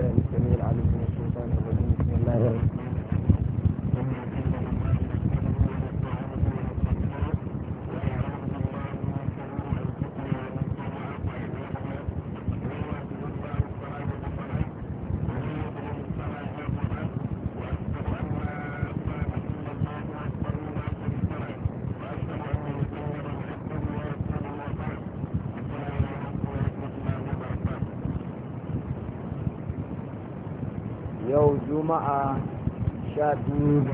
الله السميع العليم من الشيطان الرجيم بسم الله الرحمن الرحيم juma'a sha biyu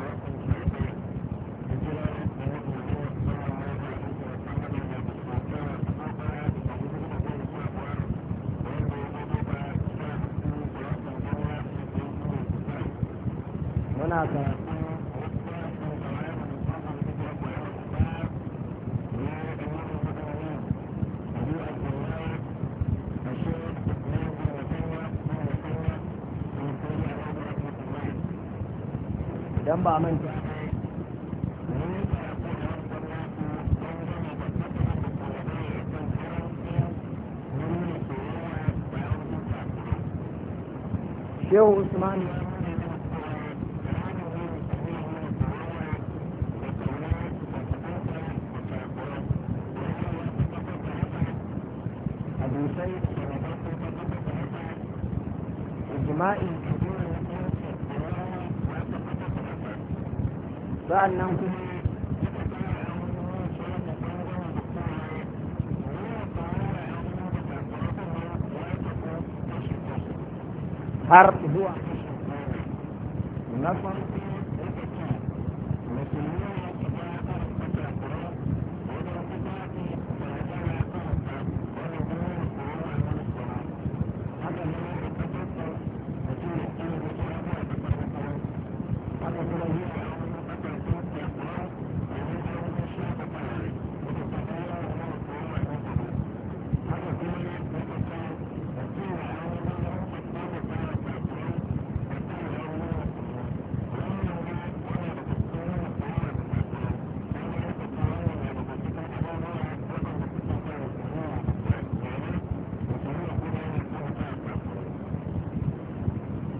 八门拳。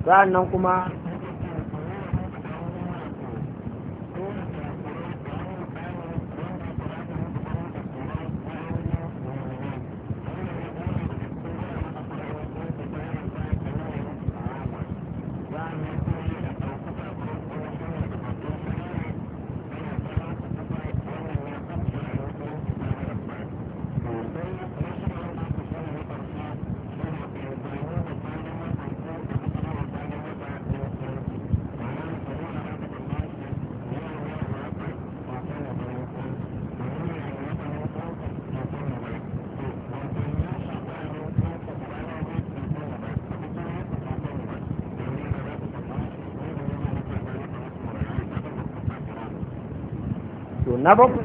nan kuma sabon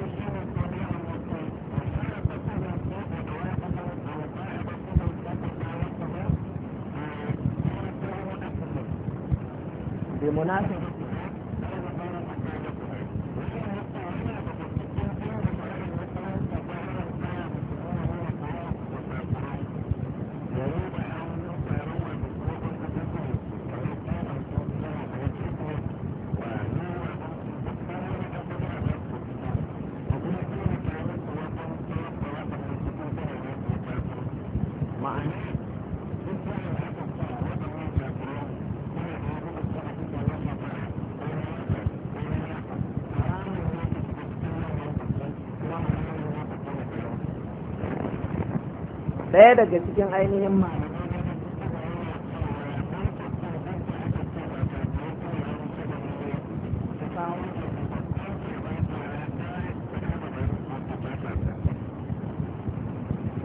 daga cikin ainihin ma'ana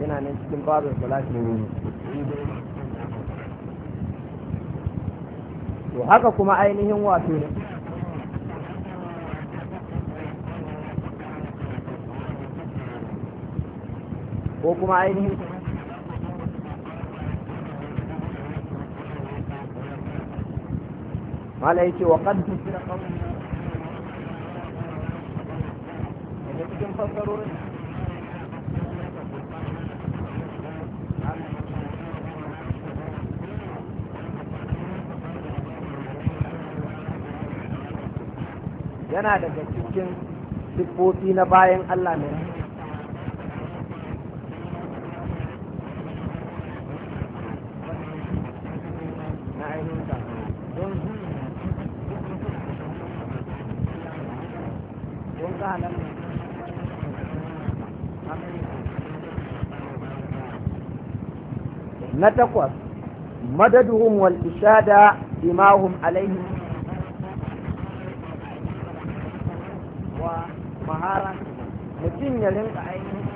yana nan cikin babin salati to haka kuma ainihin wato ne ko kuma ainihin mala yace wa kan tusira qawmun yana daga cikin siffofi na bayan Allah mai na takwas madaduhum wal ishada imahum alaihi wa mahara mutum ya rinka ainihin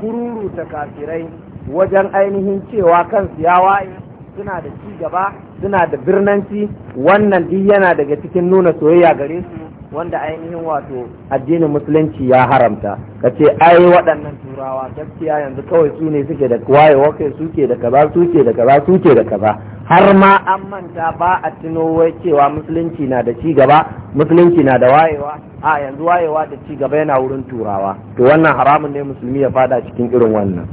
kururu ta kafirai wajen ainihin cewa kansu ya waye suna da ci gaba suna da birnanci wannan duk yana daga cikin nuna soyayya gare su wanda ainihin wato addinin musulunci ya haramta ka ce ai waɗannan turawa gaskiya yanzu kawai su ne suke da wayewa kai suke da kaza suke da kaza suke da kaza har ma an manta ba a tuno wai cewa musulunci na da ci gaba musulunci na da wayewa a yanzu wayewa da ci gaba yana wurin turawa to wannan haramun ne musulmi ya fada cikin irin wannan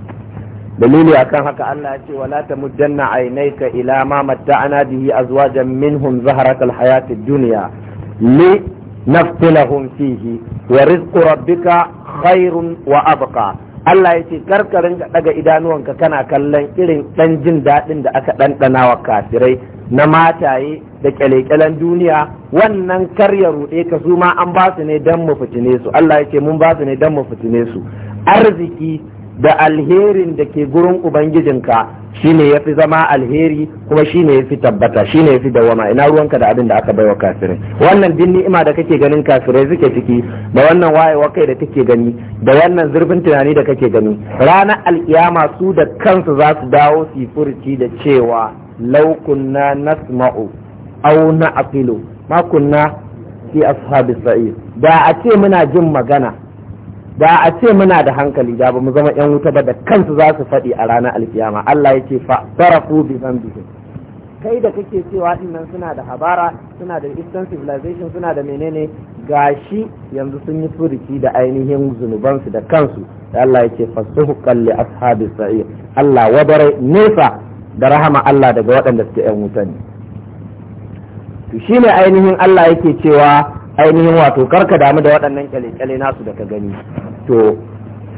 dalili akan haka Allah ya ce wala tamuddanna aynayka ila ma matta'ana bihi azwajan minhum zaharatal hayatid dunya li naftilahum fihi wa rizqu rabbika khairun wa abqa Allah ya ce karkarin ka daga idanuwanka kana kallon irin dan jin daɗin da aka ɗanɗana wa kafirai na mataye da ƙyale-ƙyalen duniya wannan karya ruɗe ka su ma an ba su ne don mu fitine su Allah ya ce mun ba su ne don mu fitine su arziki da alherin da ke gurin ubangijinka shine yafi zama alheri kuma shine yafi tabbata shine yafi dawama ina ruwanka da abin da aka baiwa kafirai wannan din ni'ima da kake ganin kafirai suke ciki da wannan wayewa kai da take gani da wannan zurfin tunani da kake gani ranar alkiyama su da kansu za su dawo su furci da cewa laukunna nasma'u aw na'qilu ma kunna fi ashabis sa'ir da a ce muna jin magana da a ce muna da hankali da ba mu zama yan wuta ba da kansu za su faɗi a ranar alkiyama Allah ya ce fa bi zambihim kai da kake cewa dinnan suna da habara suna da eastern civilization suna da menene gashi yanzu sun yi furuci da ainihin zunubansu da kansu da Allah ya ce fasuhu kalli ashabi sa'ir Allah wadare nesa da rahama Allah daga waɗanda suke yan wuta ne to shine ainihin Allah yake cewa ainihin wato karka damu da waɗannan kyale-kyale nasu da ka gani to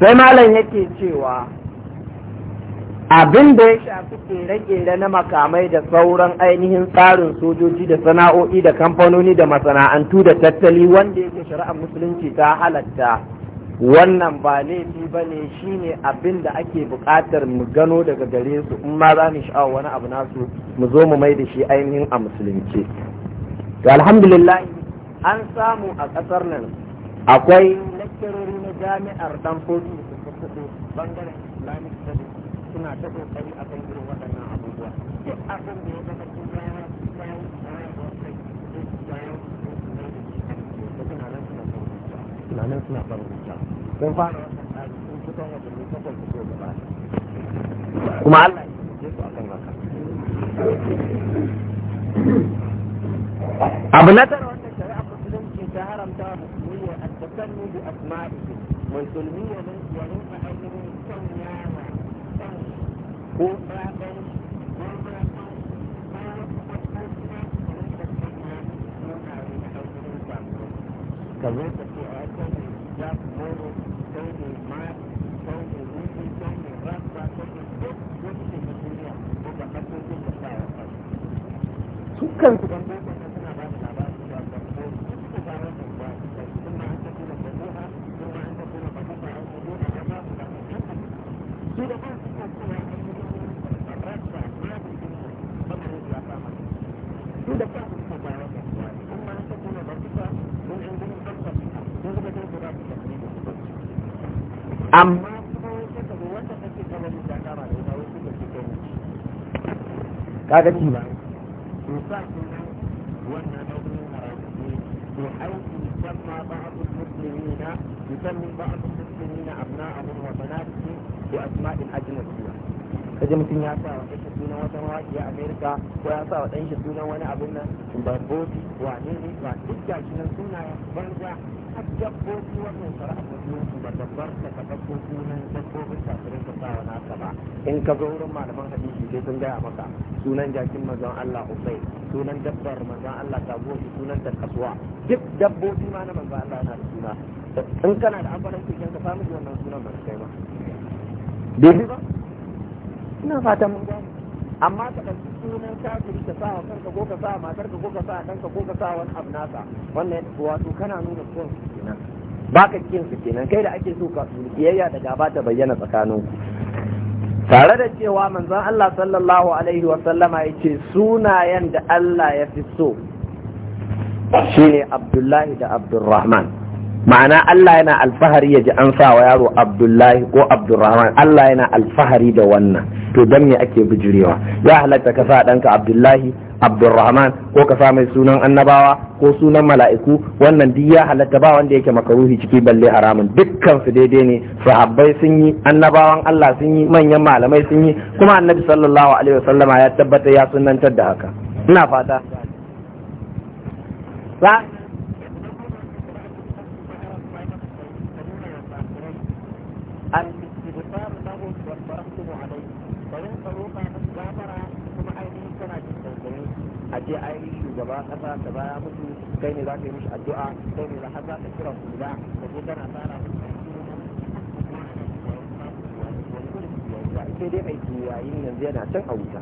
sai malam yake cewa abin da ya shafi kere-kere na makamai da sauran ainihin tsarin sojoji da sana'o'i da kamfanoni da masana'antu da tattali wanda yake shari'ar musulunci ta halatta wannan ba laifi ba ne shi ne abin da ake buƙatar mu gano daga gare su in ma za mu sha'awa wani abu nasu mu zo mu mai da shi ainihin a musulunci to alhamdulillah an samu a ƙasar nan akwai lakcarori na jami'ar danfodi bangaren islamic studies suna ta kokari a kan irin waɗannan abubuwa duk abin da ya zama cikin bayan bayan bayan bayan kuma Allah ya su akan haka abu na tara ta haramta musulmi wa attasannu bi asma'ihi musulmi wa mun yanayin a ainihin sanya wa ko ɗaɗan a kai ya moro kai ne ma ne rufi ne rasa ne duk wani shi ko ba ka da ka wa kansu. Su kaga ci ba يسمي بعض المسلمين أبناءهم وبناتهم بأسماء أجنبية kaji mutum ya sa wa ɗanshi sunan wata mawaƙi a amerika ko ya sa wa ɗanshi sunan wani abin nan bamboti wane ne ba duk gashi nan sunayen banza har dabbobi wannan shari'a musulunci ba dabbar ka ɗauko sunan dabbobin kafirin ka sa ba in ka zo wurin malaman hadisi sai sun gaya maka sunan jakin Allah sunan dabbar Allah sunan ta kasuwa duk dabbobi ma na Allah yana da suna in kana da ka wannan sunan ba kai ba bai ba ina fatan mun amma ka ɗauki sunan kafiri ka sa kanka ko ka sa matarka ko ka sa danka ko ka sa wani abu nasa wannan wato kana nuna son su kenan baka kin su kenan kai da ake so ka biyayya da gaba ta bayyana tsakanin ku tare da cewa manzon Allah sallallahu alaihi wa sallama yace sunayen da Allah ya fi so shine Abdullahi da Abdurrahman ma'ana Allah yana alfahari ya ji an sa wa yaro Abdullahi ko Abdurrahman Allah yana alfahari da wannan to dan me ake bijirewa ya halatta ka sa danka Abdullahi Abdurrahman ko ka sa mai sunan annabawa ko sunan mala'iku wannan duk ya halatta ba wanda yake makaruhi ciki balle haramun dukkan su daidai ne sahabbai sun yi annabawan Allah sun yi manyan malamai sun yi kuma annabi sallallahu alaihi wasallama ya tabbata ya sunantar da haka ina fata ce ainihin shugaba kasa ta baya mutu kai ne za ka yi mishi addu'a kai ne za ka kira su ka je kana tsara sai dai juyayin yanzu yana can a wuta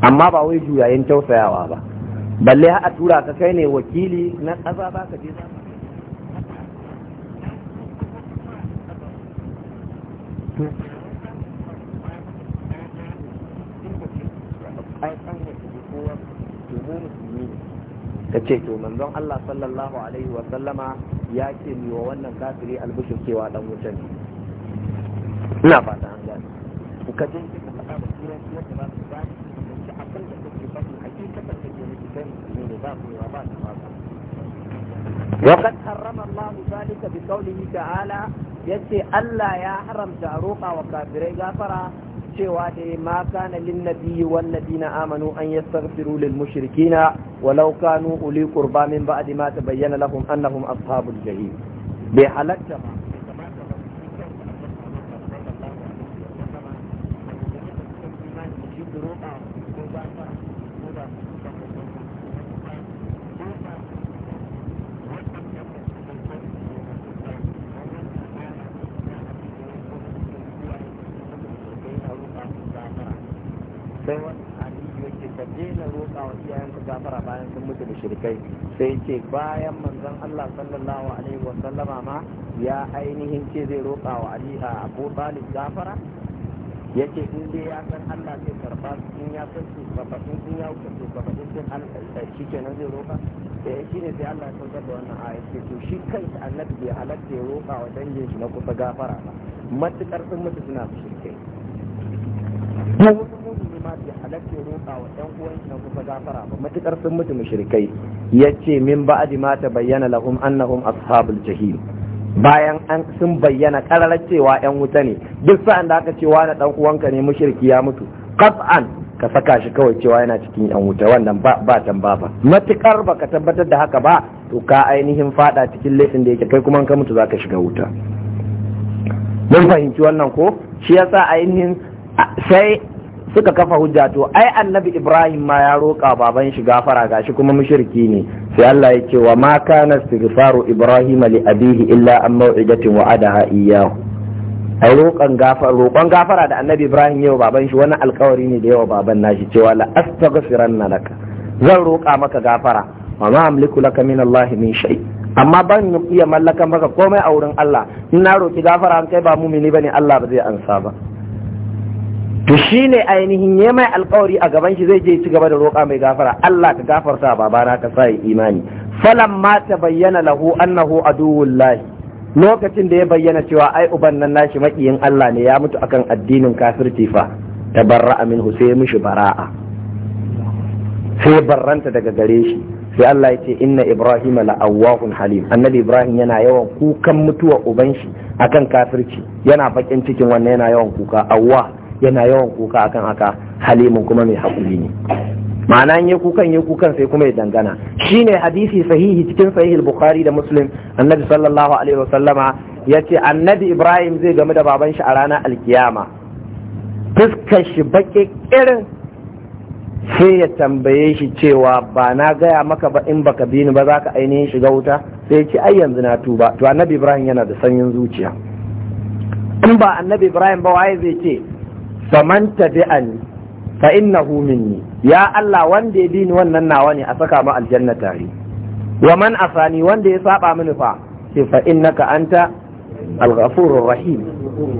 amma ba wai juyayin tausayawa ba balle a tura ka kai ne wakili na ƙasa ba ka je I find to mu musulmi ka ce to manzon Allah sallallahu alaihi wa sallama ya ce mi wa wannan kafiri albishir cewa dan wuta ne ina fata an gane ku ka je ka ba da turanci ba su gane da abin da kake faɗi hakikatar da ke miki kai musulmi ne ba ku ba ta ba وقد حرم الله ذلك بقوله تعالى يسي ألا يا حرم تعروق وكافري غافرا cewa da ma kana lin nabiyyi wan ladina amanu an yastaghfiru lil mushrikina walau kanu uli qurba min ba'di ma tabayyana lahum annahum ashabul jahim bai halatta ba mushrikai sai ce bayan manzon Allah sallallahu alaihi wa sallama ma ya ainihin ce zai roƙa wa Ali a Abu Talib gafara yace in dai ya san Allah zai karba in ya san su babakin in ya san su babakin din Allah shi kenan zai roƙa sai eh, ya shine sai Allah ya saukar da wannan aya to shi ta annabi bai halatta ya roƙa wa dangin shi na kusa gafara ba matukar sun mutu suna mushrikai ma bai roƙa wa ɗan uwan shi kusa gafara ba matukar sun mutu mushrikai yace min ba'di ma bayyana lahum annahum ashabul jahim bayan an sun bayyana kararar cewa yan wuta ne duk sa'an da aka cewa na ɗan uwanka ne mushriki ya mutu qat'an ka saka shi kawai cewa yana cikin yan wuta wannan ba ba ba? matukar baka tabbatar da haka ba to ka ainihin fada cikin laifin da yake kai kuma ka mutu zaka shiga wuta mun fahimci wannan ko shi yasa ainihin sai suka kafa hujja to ai annabi ibrahim ma ya roƙa baban shi gafara gashi kuma mushriki ne sai Allah ya ce wa ma kana istighfaru ibrahim li abihi illa an maw'idatin wa'adaha iyyahu ai roƙan gafara roƙon gafara da annabi ibrahim yau baban shi wani alƙawari ne da yawa baban nashi cewa la astaghfiranna laka zan roƙa maka gafara wa ma amliku laka min allahi min shay amma ban iya mallaka maka komai a wurin Allah in na roƙi gafara an kai ba mumini bane Allah ba zai ansa ba to shi ne ainihin ya mai alkawari a gaban shi zai je ci gaba da roƙa mai gafara Allah ka gafarta babana ka sa imani falan ma ta bayyana lahu annahu lahi lokacin da ya bayyana cewa ai uban nan nashi makiyin Allah ne ya mutu akan addinin kafirci fa tabarra'a minhu sai mishi bara'a sai barranta daga gare shi sai Allah ya ce inna Ibrahim awwahun halim annabi Ibrahim yana yawan kukan mutuwa uban shi akan kafirci yana bakin cikin wannan yana yawan kuka awwah yana yawan kuka akan haka halimun kuma mai hakuri ne ma'ana in ya kukan ya kukan sai kuma ya dangana shine hadisi sahihi cikin sahihi bukhari da muslim annabi sallallahu alaihi wasallama yace annabi ibrahim zai game da baban shi a ranar alkiyama fuskar shi baƙi irin sai ya tambaye shi cewa ba na gaya maka ba in baka bi ni ba za ka ainihin shiga wuta sai ce ai yanzu na tuba to annabi ibrahim yana da sanyin zuciya in ba annabi ibrahim ba waye zai ce faman tabi'ani fa innahu minni ya Allah wanda ya bi ni wannan nawa ne a saka mu aljanna tare wa man asani wanda ya saba mini fa ce fa innaka anta al rahim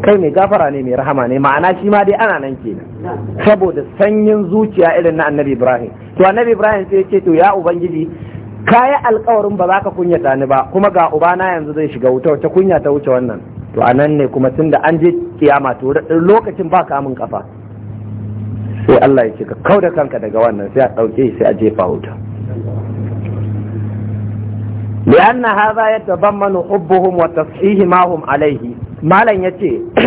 kai mai gafara ne mai rahama ne ma'ana shi ma dai ana nan kenan saboda sanyin zuciya irin na annabi ibrahim to annabi ibrahim sai ya ce to ya ubangiji kayi alkawarin ba za ka kunyata ni ba kuma ga ubana yanzu zai shiga wuta wata kunya ta wuce wannan to a nan ne kuma tun da an je kiyama to lokacin ba kamun kafa sai Allah ya ce ka kau da kanka daga wannan sai a ɗauke sai a jefa wuta bi an haza ya taban manu hubbuhum wa tasfihi mahum alaihi malam ya ce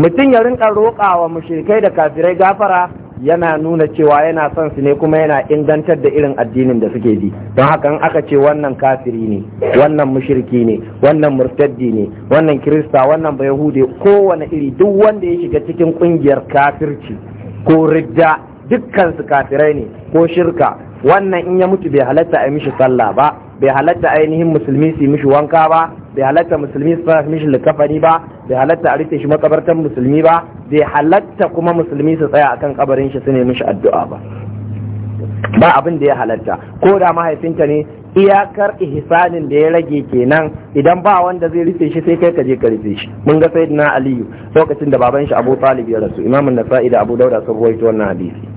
mutum ya rinka roƙawa mushrikai da kafirai gafara yana nuna cewa yana son su ne kuma yana ingantar da irin addinin da suke bi don haka in aka ce wannan kafiri ne wannan mushirki ne wannan murtaddi ne wannan kirista wannan bayahude kowane iri duk wanda ya shiga cikin kungiyar kafirci ko ridda dukkan su kafirai ne ko shirka wannan in ya mutu bai halatta a mishi sallah ba bai halatta ainihin musulmi su mishi wanka ba bai halatta musulmi su fara mishi likafani ba bai halatta a rufe shi makabartan musulmi ba bai halatta kuma musulmi su tsaya akan kabarin shi su ne mishi addu'a ba ba abin da ya halatta ko da mahaifinta ne iyakar ihsanin da ya rage kenan idan ba wanda zai rufe shi sai kai ka je ka rufe shi mun ga sayyidina aliyu lokacin da baban shi abu talib ya rasu imamun nasa'i da abu dauda sun rawaito wannan hadisi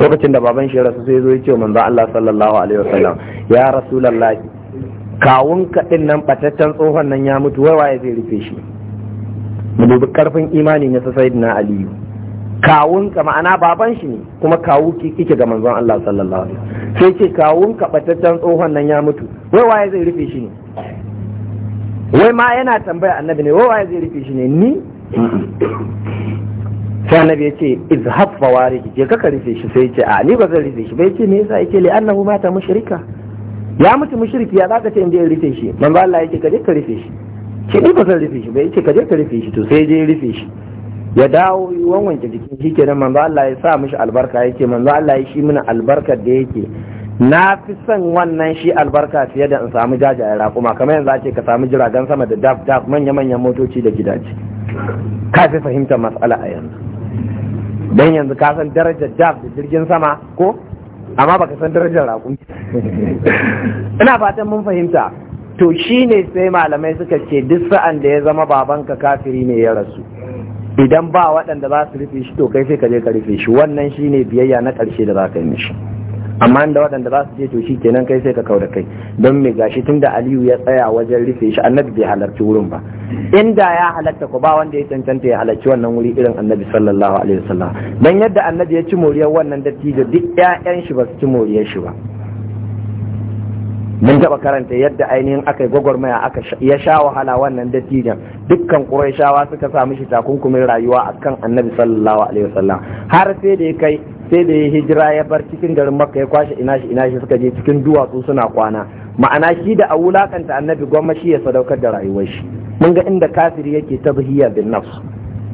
lokacin da baban shi rasu sai zo ya ce manzo Allah sallallahu alaihi wasallam ya rasulullahi kawun din nan bataccen tsohon nan ya mutu wai waye zai rufe shi mu dubi karfin imani na sayyidina aliyu kawun ka ma'ana baban shi ne kuma kawu ki kike ga manzon Allah sallallahu alaihi wasallam sai ce kawun ka bataccen tsohon nan ya mutu wai waye zai rufe shi ne wai ma yana tambaya annabi ne wai waye zai rufe shi ne ni sai annabi ya ce izhab fawarij je ka rufe shi sai ce a ni ba zan rufe shi bai ce me yasa yake li annahu mata mushrika ya mutu mushriki ya zaka ce inda ya rufe shi ba Allah yake ka je ka rufe shi ce ni ba zan rufe shi bai ce ka je ka rufe shi to sai je rufe shi ya dawo wanwanke jikin shi kenan manzo Allah ya sa mishi albarka yake manzo Allah ya shi mini albarkar da yake na fi son wannan shi albarka fiye da in samu jajayen raƙuma kamar yanzu a ce ka samu jiragen sama da daf daf manya-manyan motoci da gidaje ka fi fahimtar matsala a yanzu dan yanzu ka san darajar jab da jirgin sama ko amma baka san darajar raƙumi ina fatan mun fahimta to ne sai malamai suka ce duk sa'an da ya zama babanka kafiri ne ya rasu idan ba waɗanda za su rufe shi to kai sai ka je ka rufe shi wannan shine biyayya na ƙarshe da za ka yi mishi amma da waɗanda za su ce to shi kenan kai sai ka kau kai don me gashi tun da aliyu ya tsaya wajen rufe shi annabi bai halarci wurin ba inda ya halarta ko ba wanda ya cancanta ya halarci wannan wuri irin annabi sallallahu alaihi wasallam dan yadda annabi ya ci moriyar wannan dattijo duk ƴaƴan shi ba su ci moriyar shi ba mun taba karanta yadda ainihin aka yi gwagwarmaya aka ya sha wahala wannan dattijan dukkan ƙurashawa suka sami shi takunkumin rayuwa a kan annabi sallallahu alaihi wasallam har sai da ya kai sai da ya hijira ya bar cikin garin makka ya kwashe ina shi ina shi suka je cikin duwatsu suna kwana ma'ana shi da a wulakanta annabi gwamma shi ya sadaukar da rayuwar shi mun ga inda kafiri yake ta zuhiyar bin nafs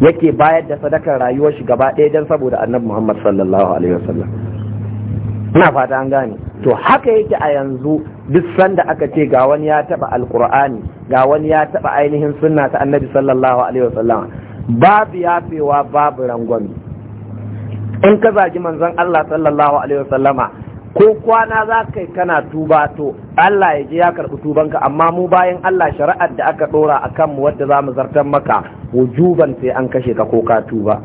yake bayar da sadakar rayuwar shi gaba ɗaya don saboda annabi muhammad sallallahu alaihi wasallam ina fata an gane to haka yake a yanzu duk sanda aka ce ga wani ya taba alkur'ani ga wani ya taba ainihin sunna ta annabi sallallahu alaihi wasallam babu yafewa babu rangwami in ka zagi manzon Allah sallallahu alaihi wasallama ko kwana za kai kana tuba to Allah ya je ya karɓi tubanka amma mu bayan Allah shari'ar da aka ɗora a kanmu wadda zamu mu zartar maka wujuban sai an kashe ka ko ka tuba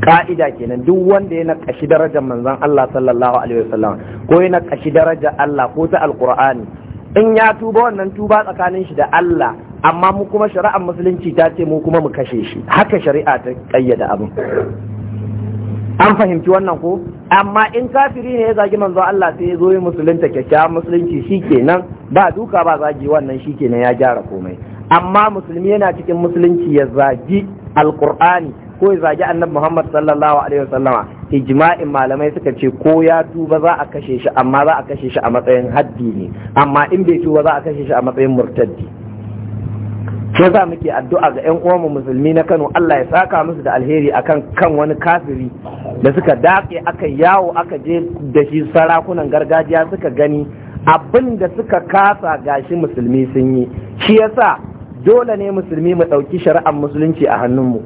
ka'ida kenan duk wanda ya nakashi darajar manzon Allah sallallahu alaihi wasallam ko ya nakashi darajar Allah ko ta alqur'ani in ya tuba wannan tuba tsakanin shi da Allah amma mu kuma shari'ar musulunci ta ce mu kuma mu kashe shi haka shari'a ta kayyada abin an fahimci wannan ko amma in kafiri ne ya zagi manzon Allah sai ya zo ya musulunta kyakkyawan musulunci shikenan ba duka ba zagi wannan shikenan ya gyara komai amma musulmi yana cikin musulunci ya zagi alqur'ani ko ya zagi annabi Muhammad sallallahu alaihi wasallama ijma'in malamai suka ce ko ya tuba za a kashe shi amma za a kashe shi a matsayin haddi ne amma in bai tuba za a kashe shi a matsayin murtaddi sai za muke addu'a ga 'yan uwanmu musulmi na Kano Allah ya saka musu da alheri akan kan wani kafiri da suka dace aka yawo aka je da shi sarakunan gargajiya suka gani abin da suka kasa gashi musulmi sun yi shi yasa dole ne musulmi mu ɗauki shari'ar musulunci a hannunmu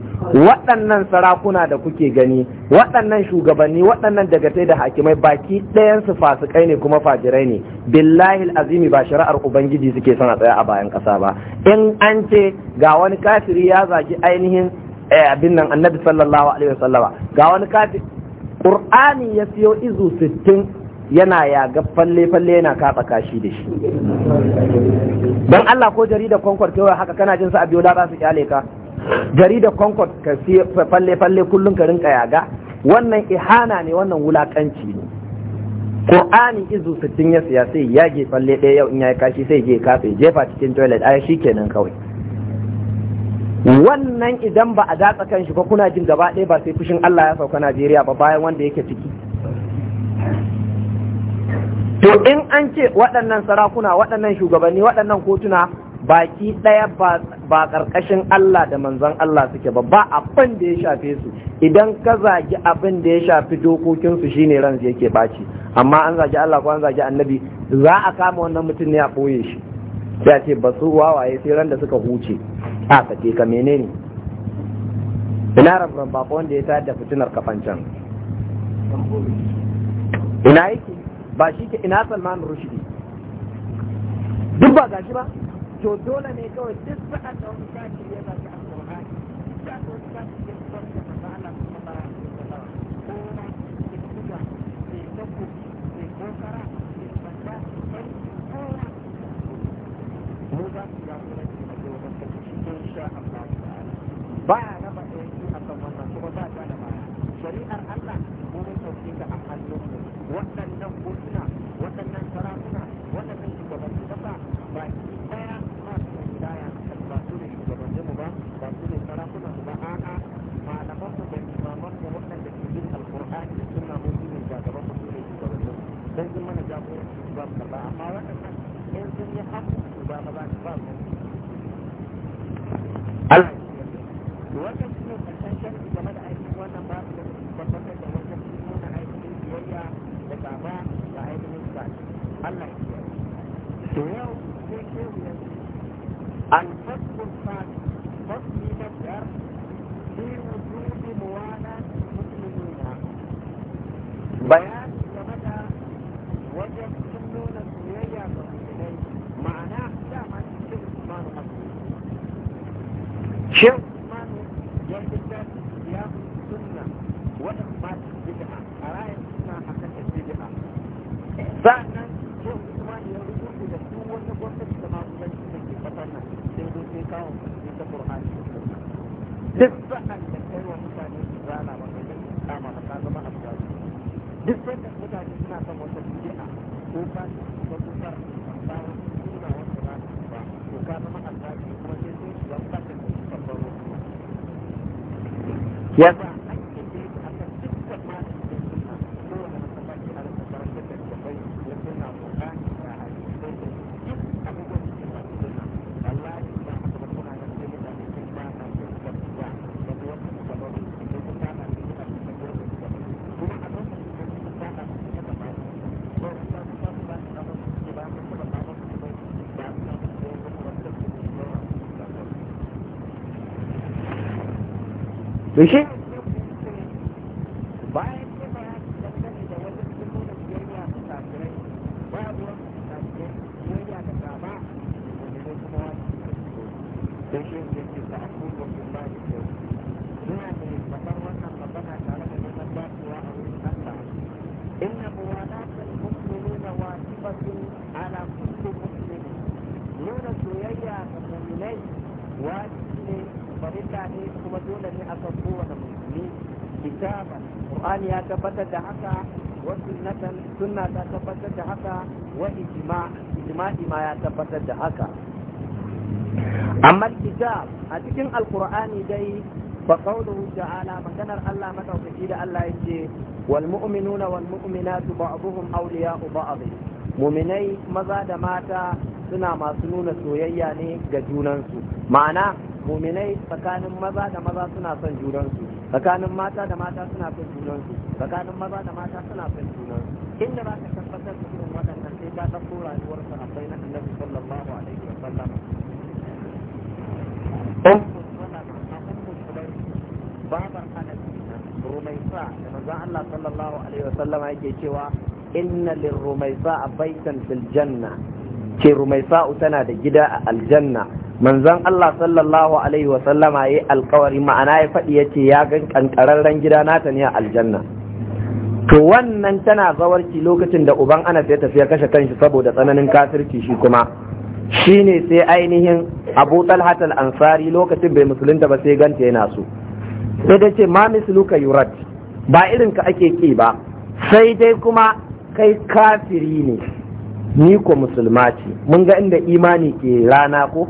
waɗannan sarakuna da kuke gani waɗannan shugabanni waɗannan dagatai da hakimai baki ɗayansu fasikai ne kuma fajirai ne billahi azimi ba shari'ar ubangiji suke son a tsaya a bayan ƙasa ba in an ce ga wani kafiri ya zagi ainihin eh, abin nan annabi sallallahu alaihi wasallama ga wani kafiri qur'ani ya siyo izu sittin. yana yaga falle-falle yana kafa kashi da shi don Allah ko jaridar concord kewa haka kana jin sa a biyo za su kyale ka jaridar concord ka falle-falle kullum ka rinka yaga wannan ihana ne wannan wulakanci ne Qur'ani izu sittin ya siya sai ya ge falle ɗaya yau in ya kashi sai je kafe jefa cikin toilet ai shi kenan kawai wannan idan ba a datsa kan shi ko kuna jin gaba ɗaya ba sai fushin Allah ya sauka Najeriya ba bayan wanda yake ciki to in an ce waɗannan sarakuna waɗannan shugabanni waɗannan kotuna baki ɗaya ba ƙarƙashin Allah da manzon Allah suke ba ba abin da ya shafe su idan ka zagi abin da ya shafi dokokinsu shine ran yake ɓaci amma an zagi Allah ko an zagi annabi za a kama wannan mutum ne a ɓoye shi sai a ce ba su wawaye sai ran da suka huce a sake ka menene ina rabban bako wanda ya tayar da fitinar kafancan ina yake ba shi ke ina salman rushdi duk ba gashi ba to dole ne kawai duk sa'ad da wani kashi ya zaci alƙur'ani Bye. haifa da baba da ainihin ba Allah ya to yau sai ke ya ce al-fasl fadi fasli na biyar fi wujudi muwana muslimina bayani game da wajen sun nuna soyayya ga musulmai ma'ana dama cikin imanu hasu da haka amma hijab a cikin alkur'ani dai fa qawluhu ta'ala maganar Allah madaukaki da Allah yake wal mu'minuna wal mu'minatu ba'dhuhum awliya'u ba'd mu'minai maza da mata suna masu nuna soyayya ne ga junansu ma'ana mu'minai tsakanin maza da maza suna son junansu tsakanin mata da mata suna son junansu tsakanin maza da mata suna son junansu inda ba ka tabbatar da irin waɗannan ta ɗauko rayuwarsa a na annabi sallallahu alaihi wa sallam oh. babar anas rumaisa da manzon Allah sallallahu alaihi wa sallama yake cewa inna a baitan fil janna ce rumaisa tana da gida a aljanna manzon Allah sallallahu alaihi wa sallama yayi alƙawari ma'ana ya faɗi yace ya ga kankararren gida nata ne a aljanna to wannan tana zawarci lokacin da uban anas ya tafiya kashe kanshi saboda tsananin kafirci shi kuma shine sai ainihin abu talhat ansari lokacin bai musulunta ba sai ganta yana so sai dai ce ma misluka yurat ba irin ka ake ki ba sai dai kuma kai kafiri ne ni ko musulma ce mun ga inda imani ke rana ko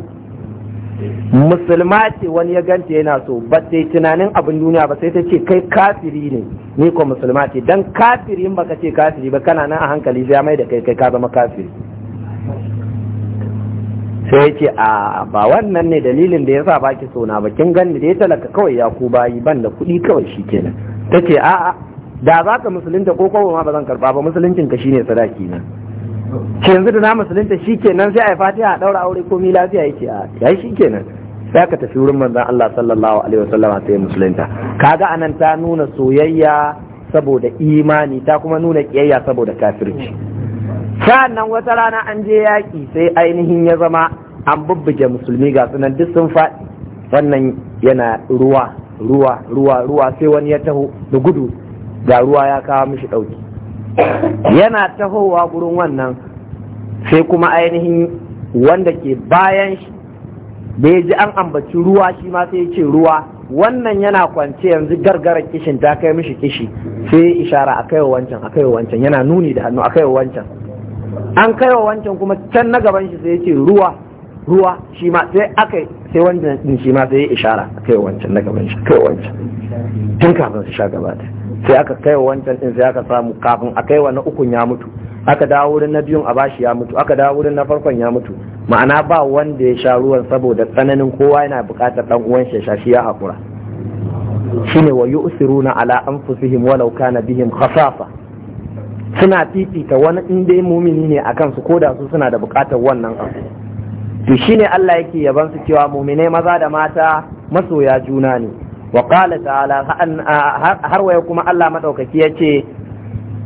musulma ce wani ya ganta yana so ba ta tunanin abin duniya ba sai ta ce kai kafiri ne ni ko musulma ce dan kafiri ba ka ce kafiri ba kana nan a hankali sai mai da kai kai ka zama kafiri sai ya ce a ba wannan ne dalilin da yasa baki so na ba kin ganni da ya talaka kawai ya ku bayi ban da kuɗi kawai shi kenan. ta ce a'a da za ka musulunta ko kowa ma ba zan karba ba musuluncin shi ne sadaki na yanzu da na musulunta shi kenan sai a yi fatiha a ɗaura aure komi lafiya yake a yayi shi kenan sai aka tafi wurin manzon Allah sallallahu alaihi wasallam sai musulunta kaga anan ta nuna soyayya saboda imani ta kuma nuna kiyayya saboda kafirci sa'annan wata rana an je yaki sai ainihin ya zama an bubbuge musulmi ga sunan duk sun faɗi wannan yana ruwa ruwa ruwa ruwa sai wani ya taho da gudu ga ruwa ya kawo mishi ɗauki yana tahowa gurin wannan sai kuma ainihin wanda ke bayan shi da ya ji an ambaci ruwa shi ma sai ya ce ruwa wannan yana kwance yanzu gargara kishin ta kai mishi kishi sai ishara a kaiwa wancan a kaiwa wancan yana nuni da hannu a kaiwa wancan an kaiwa wancan kuma can na gaban shi sai ya ce ruwa ruwa shi ma sai aka sai wancan din shi ma sai ya ishara a kaiwa wancan na gaban shi kaiwa wancan tun kafin su sha gaba sai aka kai wa wancan din sai aka samu kafin a kai wa na ukun ya mutu aka dawo wurin na biyun a bashi ya mutu aka dawo wurin na farkon ya mutu ma'ana ba wanda ya sha ruwan saboda tsananin kowa yana buƙatar dan uwan shi shi ya hakura shine wa yu'siruna ala anfusihim walau kana bihim khasafa suna fifita wani in dai mumini ne akan su koda su suna da buƙatar wannan abu to shine Allah yake yaban su cewa muminai maza da mata masoya juna ne wa qala ta'ala har waya kuma Allah madaukaki yace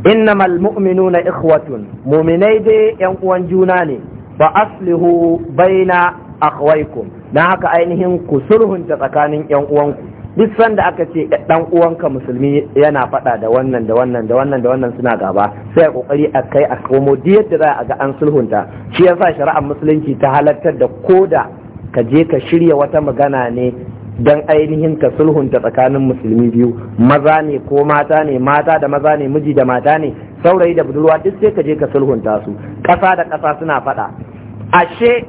innamal mu'minuna ikhwatun mu'minai dai yan uwan juna ne fa aslihu baina akhwaykum dan haka ainihin ku sulhunta tsakanin yan uwanku duk sanda aka ce dan uwanka musulmi yana faɗa da wannan da wannan da wannan da wannan suna gaba sai a kokari a kai a komo yadda za a ga an sulhunta shi yasa shari'ar musulunci ta halartar da koda ka je ka shirya wata magana ne don ainihin ka sulhunta tsakanin musulmi biyu maza ne ko mata ne mata da maza ne miji da mata ne saurayi da budurwa duk sai ka je ka sulhunta su ƙasa da ƙasa suna faɗa ashe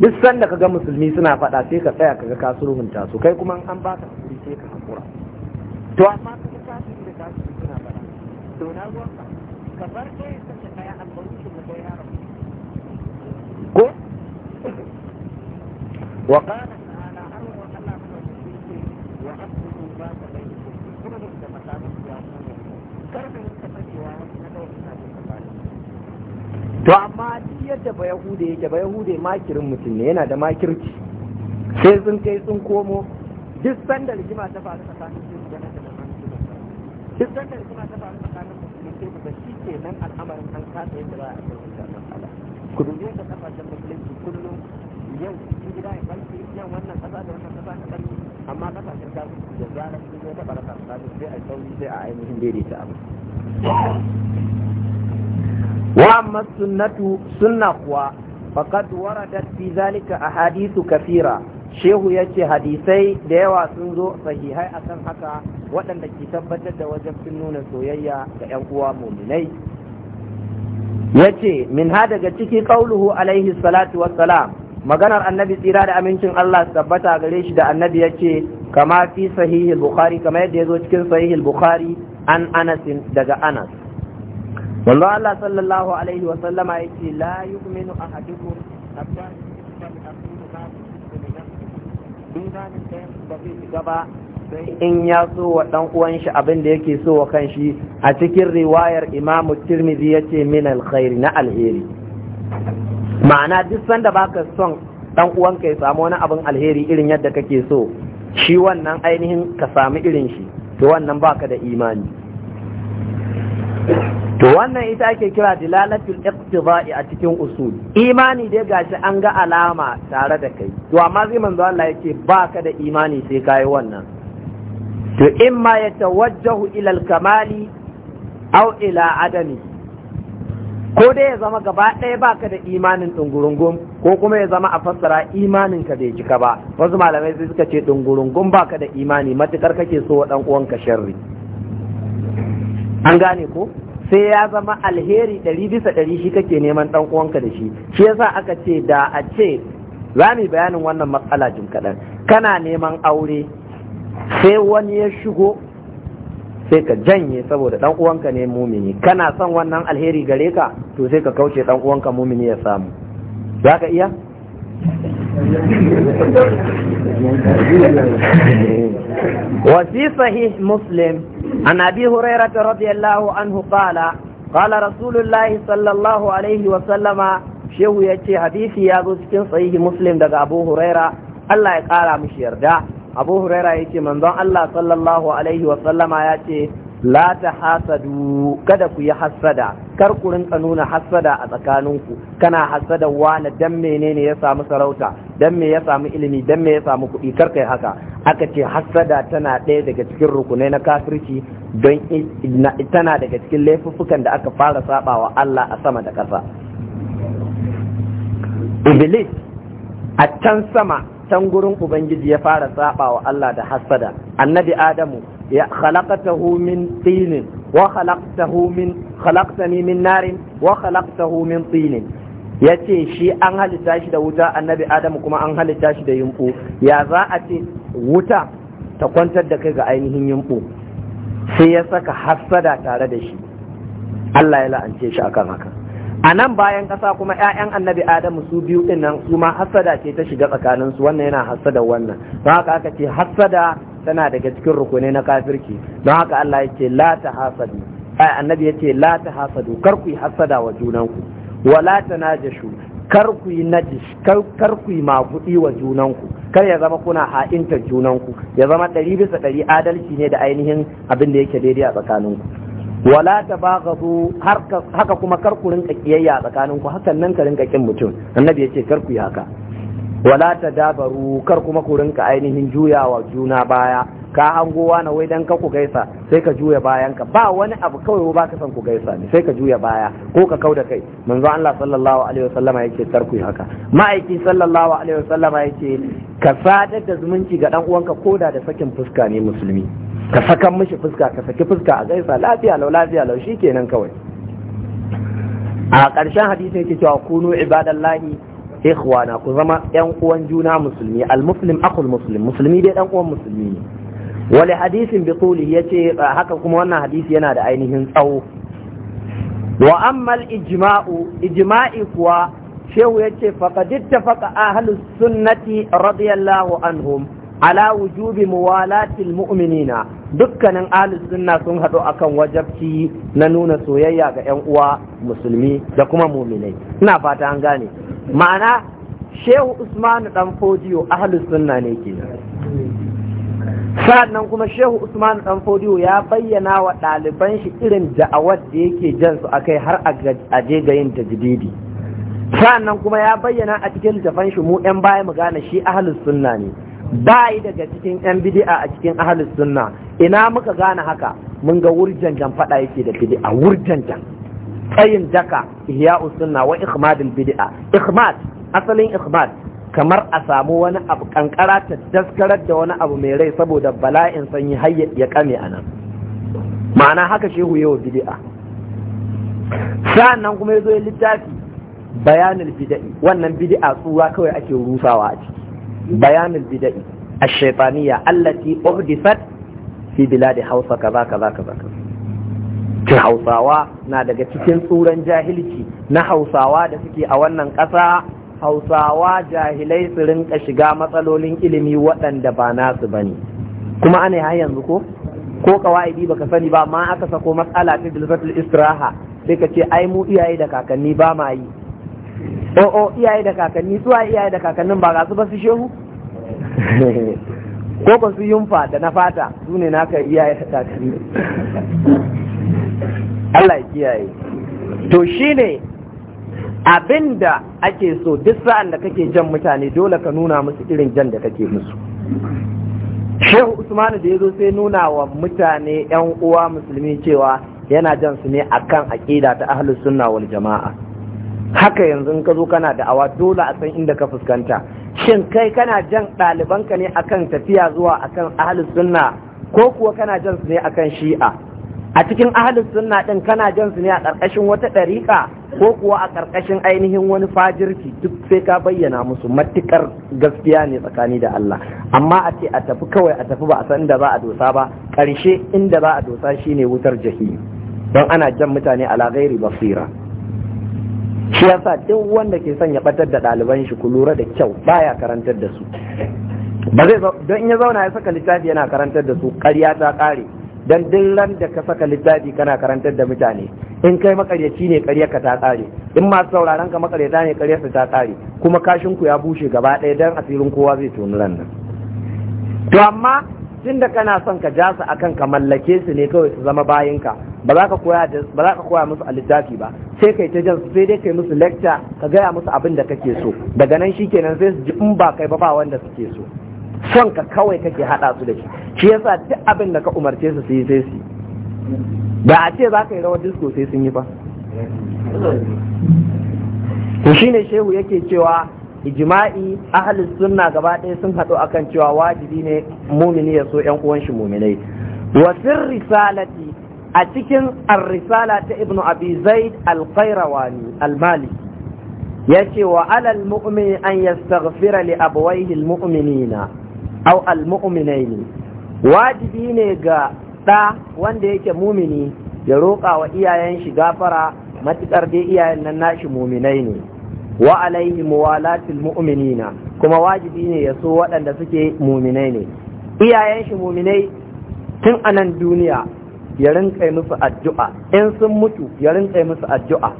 duk sanda kaga musulmi suna faɗa sai ka tsaya kaga ka sulhunta su kai kuma an baka hakuri sai ka hakura to amma ka ta tashi da tashi suna faɗa to na ruwa ka bar ɗaya sace ɗaya albarushin da kai yaron ko وقال to amma duk yadda ba yahude yake ba yahude makirin mutum ne yana da makirci sai sun kai sun komo duk sanda rigima ta faru tsakanin su da duk sanda rigima ta faru tsakanin su da shi ke nan al'amarin an kasa yadda ba a kai matsala ku dubi yadda kafashen musulunci kullum yau cikin gida ya barci yau wannan kasa da wannan kasa ta barci amma kasashen ta da zarar sun zo ta tsakanin sai a sauri sai a ainihin daidaita abu واما السنه سنه kuwa فقد وردت في ذلك احاديث كثيره shehu ya ce hadisai da yawa sun zo sahihai a kan haka waɗanda ke tabbatar da wajen sun nuna soyayya ga 'yan uwa muminai ya ce min ha daga ciki ƙauluhu alaihi salatu wassalam maganar annabi tsira da amincin Allah tabbata gare shi da annabi ya ce kama fi sahihil bukhari kama yadda ya zo cikin sahihil bukhari an anasin daga anas manzo Allah sallallahu alaihi wa sallama ce la yu'minu ahadukum hatta gaba in ya so wa dan uwan shi abin da yake so wa kanshi a cikin riwayar Imam Tirmidhi yace min alkhairi na alheri ma'ana duk sanda baka son dan ka ya samu wani abin alheri irin yadda kake so shi wannan ainihin ka samu irin shi to wannan baka da imani to wannan ita ake kira dilalatul iqtida'i a cikin usul imani dai gashi an ga alama tare da kai to amma zai manzo Allah yake baka da imani sai kai wannan to imma yatawajjahu ila al-kamali aw ila adami ko dai ya zama gaba ɗaya baka da imanin ɗungurungun ko kuma ya zama a fassara imanin ka bai jika ba wasu malamai sai suka ce ɗungurungun baka da imani matukar kake so wa ɗan uwanka sharri an gane ko sai ya zama alheri ɗari bisa ɗari shi kake neman ɗan uwanka da shi shi yasa aka ce da a ce za mu bayanin wannan matsala jin kaɗan kana neman aure sai wani ya shigo sai ka janye saboda ɗan uwanka ne mumini kana son wannan alheri gare ka to sai ka kauce ɗan uwanka mumini ya samu za ka iya wasi sahih مسلم عن أبي هريرة رضي الله عنه قال قال رسول الله صلى الله عليه وسلم shehu ya ce hadisi ya zo cikin sahihi muslim daga abu huraira Allah ya kara mishi yarda abu huraira ya ce manzon Allah sallallahu alaihi wasallama ya ce la ta hasadu kada ku yi hasada kar ku rinka nuna hasada a tsakaninku kana hasada wani dan menene ya samu sarauta dan me ya samu ilimi dan me ya samu kuɗi kar kai haka aka ce hasada tana ɗaya daga cikin rukunai na kafirci don tana daga cikin laifuffukan da aka fara sabawa Allah a sama da ƙasa Iblis a can sama can gurin Ubangiji ya fara sabawa Allah da hasada annabi Adamu ya khalaqtahu min tin wa khalaqtahu min khalaqtani min narin wa khalaqtahu min yace shi an halitta shi da wuta annabi adamu kuma an halitta shi da yumbu ya za a ce wuta ta kwantar da kai ga ainihin yumbu sai ya saka hassada tare da shi Allah ya la'ance shi akan haka a nan bayan ƙasa kuma 'ya'yan annabi adamu su biyu ɗin nan kuma hassada ce ta shiga tsakaninsu wannan yana hassada wannan don haka aka ce hassada tana daga cikin rukuni na kafirki don haka Allah ya ce la ta hasadu ai annabi ya ce la ta hasadu kar ku yi hassada wa junanku wa la ta najashu kar ku kar ku yi maguɗi wa junanku kar ya zama kuna ha'inta junanku ya zama ɗari bisa ɗari adalci ne da ainihin abin da yake daidai a tsakaninku wala ta ba zo haka kuma kar ku tsakaninku tsakanin ku hakan nan ka rinka ƙin mutum annabi ya kar ku yi haka wala ta dabaru kar kuma ku rinka ainihin juyawa juna baya ka hango wani wai dan ka ku gaisa sai ka juya bayan ka ba wani abu kawai ba ka san ku gaisa ne sai ka juya baya ko ka kauda kai manzo Allah sallallahu alaihi wasallama yake tarku haka ma'aiki sallallahu alaihi wasallama yake ka sadar da zumunci ga dan uwanka koda da sakin fuska ne musulmi ka sakan mishi fuska ka saki fuska a gaisa lafiya lau lafiya lau shikenan kawai a ƙarshen hadisi yake cewa kunu ibadallahi ikhwana ku zama yan uwan juna musulmi al-muslim akhul muslim musulmi dai dan uwan musulmi ne wali hadisin bi quli yace haka kuma wannan hadisi yana da ainihin tsawo wa amma al-ijma'u ijma'i kuwa shehu yace faqad ittafaqa ahlus sunnati radiyallahu anhum ala wujubi muwalati al-mu'minina dukkanin ahlus sunna sun hado akan wajabci na nuna soyayya ga yan uwa musulmi da kuma mu'minai ina fata an gane ma'ana shehu usmanu dan fodiyo ahlus sunna ne ke sa'annan kuma shehu usman dan fodiyo ya bayyana wa ɗaliban shi irin da'awar da yake jan su akai har a je ga yin tajdidi sa'annan kuma ya bayyana a cikin tafan shi mu yan baya mu gane shi ahlus sunna ne bayi daga cikin yan bid'a a cikin ahlus sunna ina muka gane haka mun ga jan fada yake da bid'a jan tsayin daka ihya'u sunna wa ikhmadul bid'a ikhmad asalin ikhmad kamar a samu wani abu kankara ta daskarar da wani abu mai rai saboda bala'in sanyi har ya kame a nan ma'ana haka shehu yawa bid'a sa'an nan kuma ya zo littafi bayanin bid'i wannan bid'a tsura kawai ake rusawa a ciki bayanin bid'i الشيطانية التي أحدثت في بلاد حوصة كذا كذا كذا, كذا. hausawa na daga cikin tsuran jahilci na hausawa da suke a wannan ƙasa hausawa jahilai su rinka shiga matsalolin ilimi waɗanda ba nasu ba ne kuma ana har yanzu ko ko ba baka sani ba ma aka sako matsala ta dilfatul istiraha sai ka ce ai mu iyaye da kakanni ba ma yi o oh, o oh, iyaye da kakanni suwa iyaye da kakannin ba ga su ba su shehu ko ko su yunfa da na fata su ne naka iyaye da kakanni Allah ya kiyaye to shine abinda ake so duk sa'an da kake jan mutane dole ka nuna musu irin jan da kake musu shehu usmanu da ya zo sai nuna wa mutane yan uwa musulmi cewa yana jan su ne akan aƙida ta ahlus sunna wal jama'a haka yanzu ka zo kana da awa dole a san inda ka fuskanta shin kai kana jan ɗalibanka ne akan tafiya zuwa akan ahlus sunna ko kuwa kana jan su ne akan shi'a a cikin ahalin sunna ɗin kana jan su ne a ƙarƙashin wata ɗariƙa ko kuwa a ƙarƙashin ainihin wani fajirki duk sai ka bayyana musu matuƙar gaskiya ne tsakani da Allah amma a ce a tafi kawai a tafi ba a san da za a dosa ba ƙarshe inda za a dosa shine wutar jahim don ana jan mutane ala ghairi basira shi yasa duk wanda ke son ya batar da ɗaliban shi ku lura da kyau baya karantar da su ba zai don in ya zauna ya saka littafi yana karantar da su ƙarya ta ƙare dan duk ran da ka saka littafi kana karantar da mutane in kai makaryaci ne karyarka ta tsare in masu sauraron ka makaryata ne karyarsa ta tsare kuma kashin ku ya bushe gaba ɗaya dan asirin kowa zai tonu ran nan to amma tun da kana son ka ja su akan ka mallake su ne kawai su zama bayinka ba za ka koya ba za ka koya musu a littafi ba sai kai ta jan sai dai kai musu lecture ka gaya musu abin da kake so daga nan shikenan sai su ji in ba kai ba ba wanda suke so son ka kawai kake hada su da shi shi yasa duk abin da ka umarce su su yi sai su ba a ce za ka yi rawar disco sai sun yi ba to shine shehu yake cewa ijma'i ahlus sunna gaba ɗaya sun haɗu akan cewa wajibi ne mumini ya so 'yan uwan shi muminai wa risalati a cikin ar-risala ta Ibn abi zaid al-qayrawani al-maliki yace wa alal mu'mini an yastaghfira li abawayhi al-mu'minina au ne. wajibi ne ga ɗa wanda yake mumini ya roƙa wa iyayen shi gafara matuƙar da iyayen nan nashi muminai ne wa alaihi muwalatil mu'minina kuma wajibi ne ya so waɗanda suke muminai ne iyayen shi muminai tun anan duniya ya rinƙa musu addu'a in sun mutu ya rinƙa musu addu'a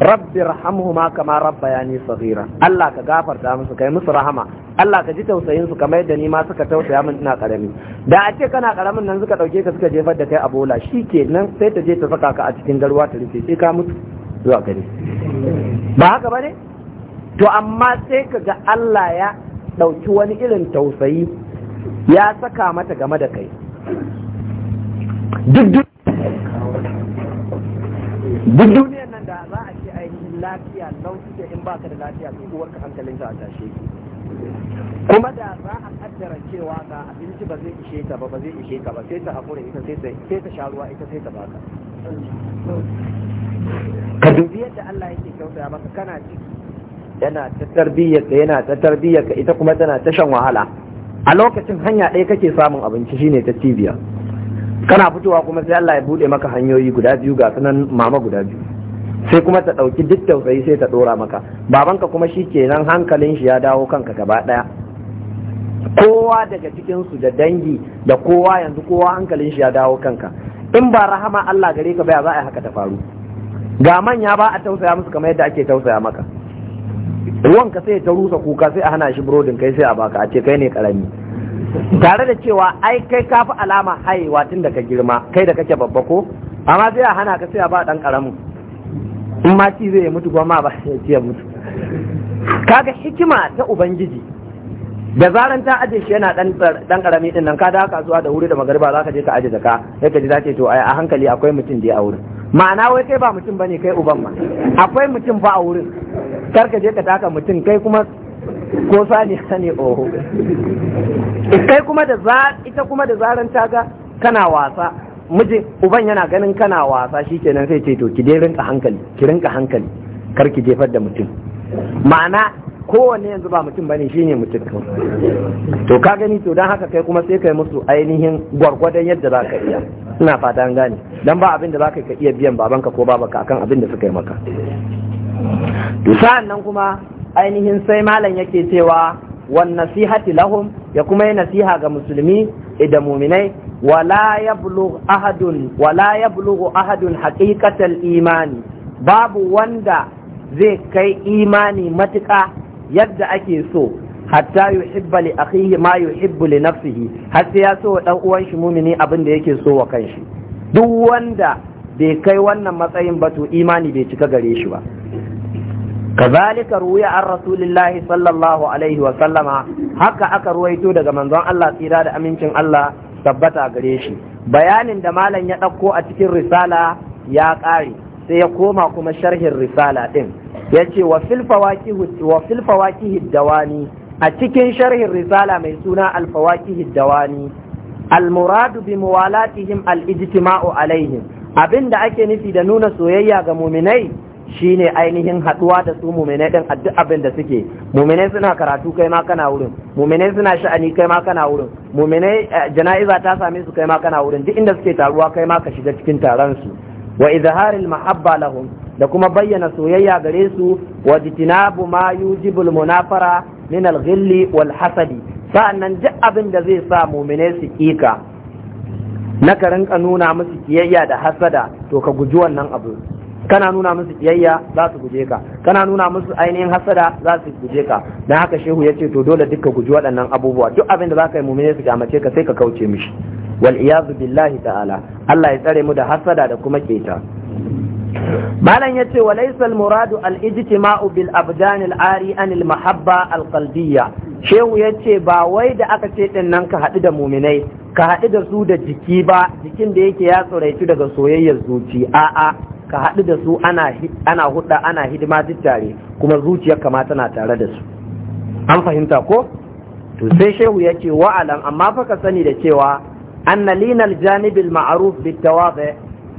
rabbi rahamhuma kama rabbayani saghira Allah ka gafarta musu kai musu rahama Allah ka ji tausayin su kamar yadda ni ma suka tausaya min ina karami da a ce kana karamin nan suka dauke ka suka jefar da kai a bola shikenan sai ta je ta saka ka a cikin garwa ta rufe sai ka mutu zuwa gare ba haka bane to amma sai ka ga Allah ya dauki wani irin tausayi ya saka mata game da kai duk duniyar nan da za a ce ainihin lafiya lau in baka da lafiya to uwarka ta a tashe ki kuma da za a kaddara cewa ga abinci ba zai ishe ta ba ba zai ishe ka ba sai ta haƙura ita sai ta sha ruwa ita sai ta baka ka dubi yadda Allah yake kyauta maka kana ciki yana ta tarbiyyar ka yana ta tarbiyyar ka ita kuma tana ta shan wahala a lokacin hanya ɗaya kake samun abinci shine ta cibiya kana fitowa kuma sai Allah ya bude maka hanyoyi guda biyu ga sanan mama guda biyu sai kuma ta ɗauki duk tausayi sai ta ɗora maka babanka kuma shi kenan hankalin shi ya dawo kanka gaba ɗaya kowa daga cikinsu da dangi da kowa yanzu kowa hankalin shi ya dawo kanka in ba rahama Allah gare ka baya za a yi haka ta faru ga manya ba a tausaya musu kamar yadda ake tausaya maka ruwanka sai ta rusa kuka sai a hana shi burodin kai sai a baka a ce kai ne karami tare da cewa ai kai kafi alama haihuwa tun da ka girma kai da kake babba ko amma sai a hana ka sai a ba dan karamin in ma ci zai mutu ma ba ya ci ya mutu kaga hikima ta ubangiji da zaran ta aje shi yana dan dan karami din nan ka da ka zuwa da wuri da magariba za ka je ka aje zaka sai ka ji zace to ai a hankali akwai mutum da ya aure ma'ana wai kai ba mutum bane kai uban ma akwai mutum ba a wurin kar ka je ka taka mutum kai kuma ko sani sani oho kai kuma da za ita kuma da zaran ta ga kana wasa mijin uban yana ganin kana wasa shi shikenan sai ce to ki dai rinka hankali ki rinka hankali kar ki jefar da mutum ma'ana kowanne yanzu ba mutum bane shine mutum to ka gani to dan haka kai kuma sai kai musu ainihin gwargwadon yadda za iya ina fata an gane dan ba abin da za ka iya biyan babanka ko babanka akan abin da suka yi maka to sa'an nan kuma ainihin sai malam yake cewa wan nasihati lahum ya kuma yi nasiha ga musulmi da muminai wala yablugh ahadun wala yablugh ahadun haqiqatal imani babu wanda zai kai imani matuƙa yadda ake so hatta yuhibba li akhihi ma yuhibbu li nafsihi har sai ya so dan uwan shi mumini abin da yake so wa kanshi duk wanda bai kai wannan matsayin ba to imani bai cika gare shi ba kazalika wuya an rasulillahi sallallahu alaihi wa sallama haka aka ruwaito daga manzon Allah tsira da amincin Allah tabbata gare shi bayanin da malam ya ɗauko a cikin risala ya ƙare sai ya koma kuma sharhin risala ɗin ya ce wa filfawaki hiddawani a cikin sharhin risala mai suna alfawaki hiddawani almuradu bi muwalatihim al-ijtima'u alaihim abin da ake nufi da nuna soyayya ga muminai shine ainihin haduwa da su muminai din duk abin da suke muminai suna karatu kai ma kana wurin muminai suna sha'ani kai ma kana wurin eh, jana'iza ta same su kai ma kana wurin duk inda suke taruwa kai ma ka shiga cikin taron su wa izharil mahabba lahum da kuma bayyana soyayya gare su wa jitinabu ma yujibul munafara min al wal hasadi sa'annan duk abin da zai sa muminai su kika na ka rinka nuna musu kiyayya da hasada to ka guji wannan abu kana nuna musu kiyayya za su guje ka kana nuna musu ainihin hasada za su guje ka dan haka shehu yace to dole dukka guji waɗannan abubuwa duk abin da za ka yi mumine su kyamace ka sai ka kauce mishi wal iyazu billahi ta'ala Allah ya tsare mu da hasada da kuma keta malam yace ce laysa muradu al ijtima'u bil abdan al ari an al mahabba al shehu yace ba wai da aka ce din nan ka haɗu da muminai ka haɗu da su da jiki ba jikin da yake ya tsoraitu daga soyayyar zuci a'a ka haɗu da su ana huɗa ana hidima duk tare kuma zuciyar kama tana tare da su an fahimta ko to sai shehu ya ce wa'alan amma fa ka sani da cewa na linal janibil ma'aruf bitawadhi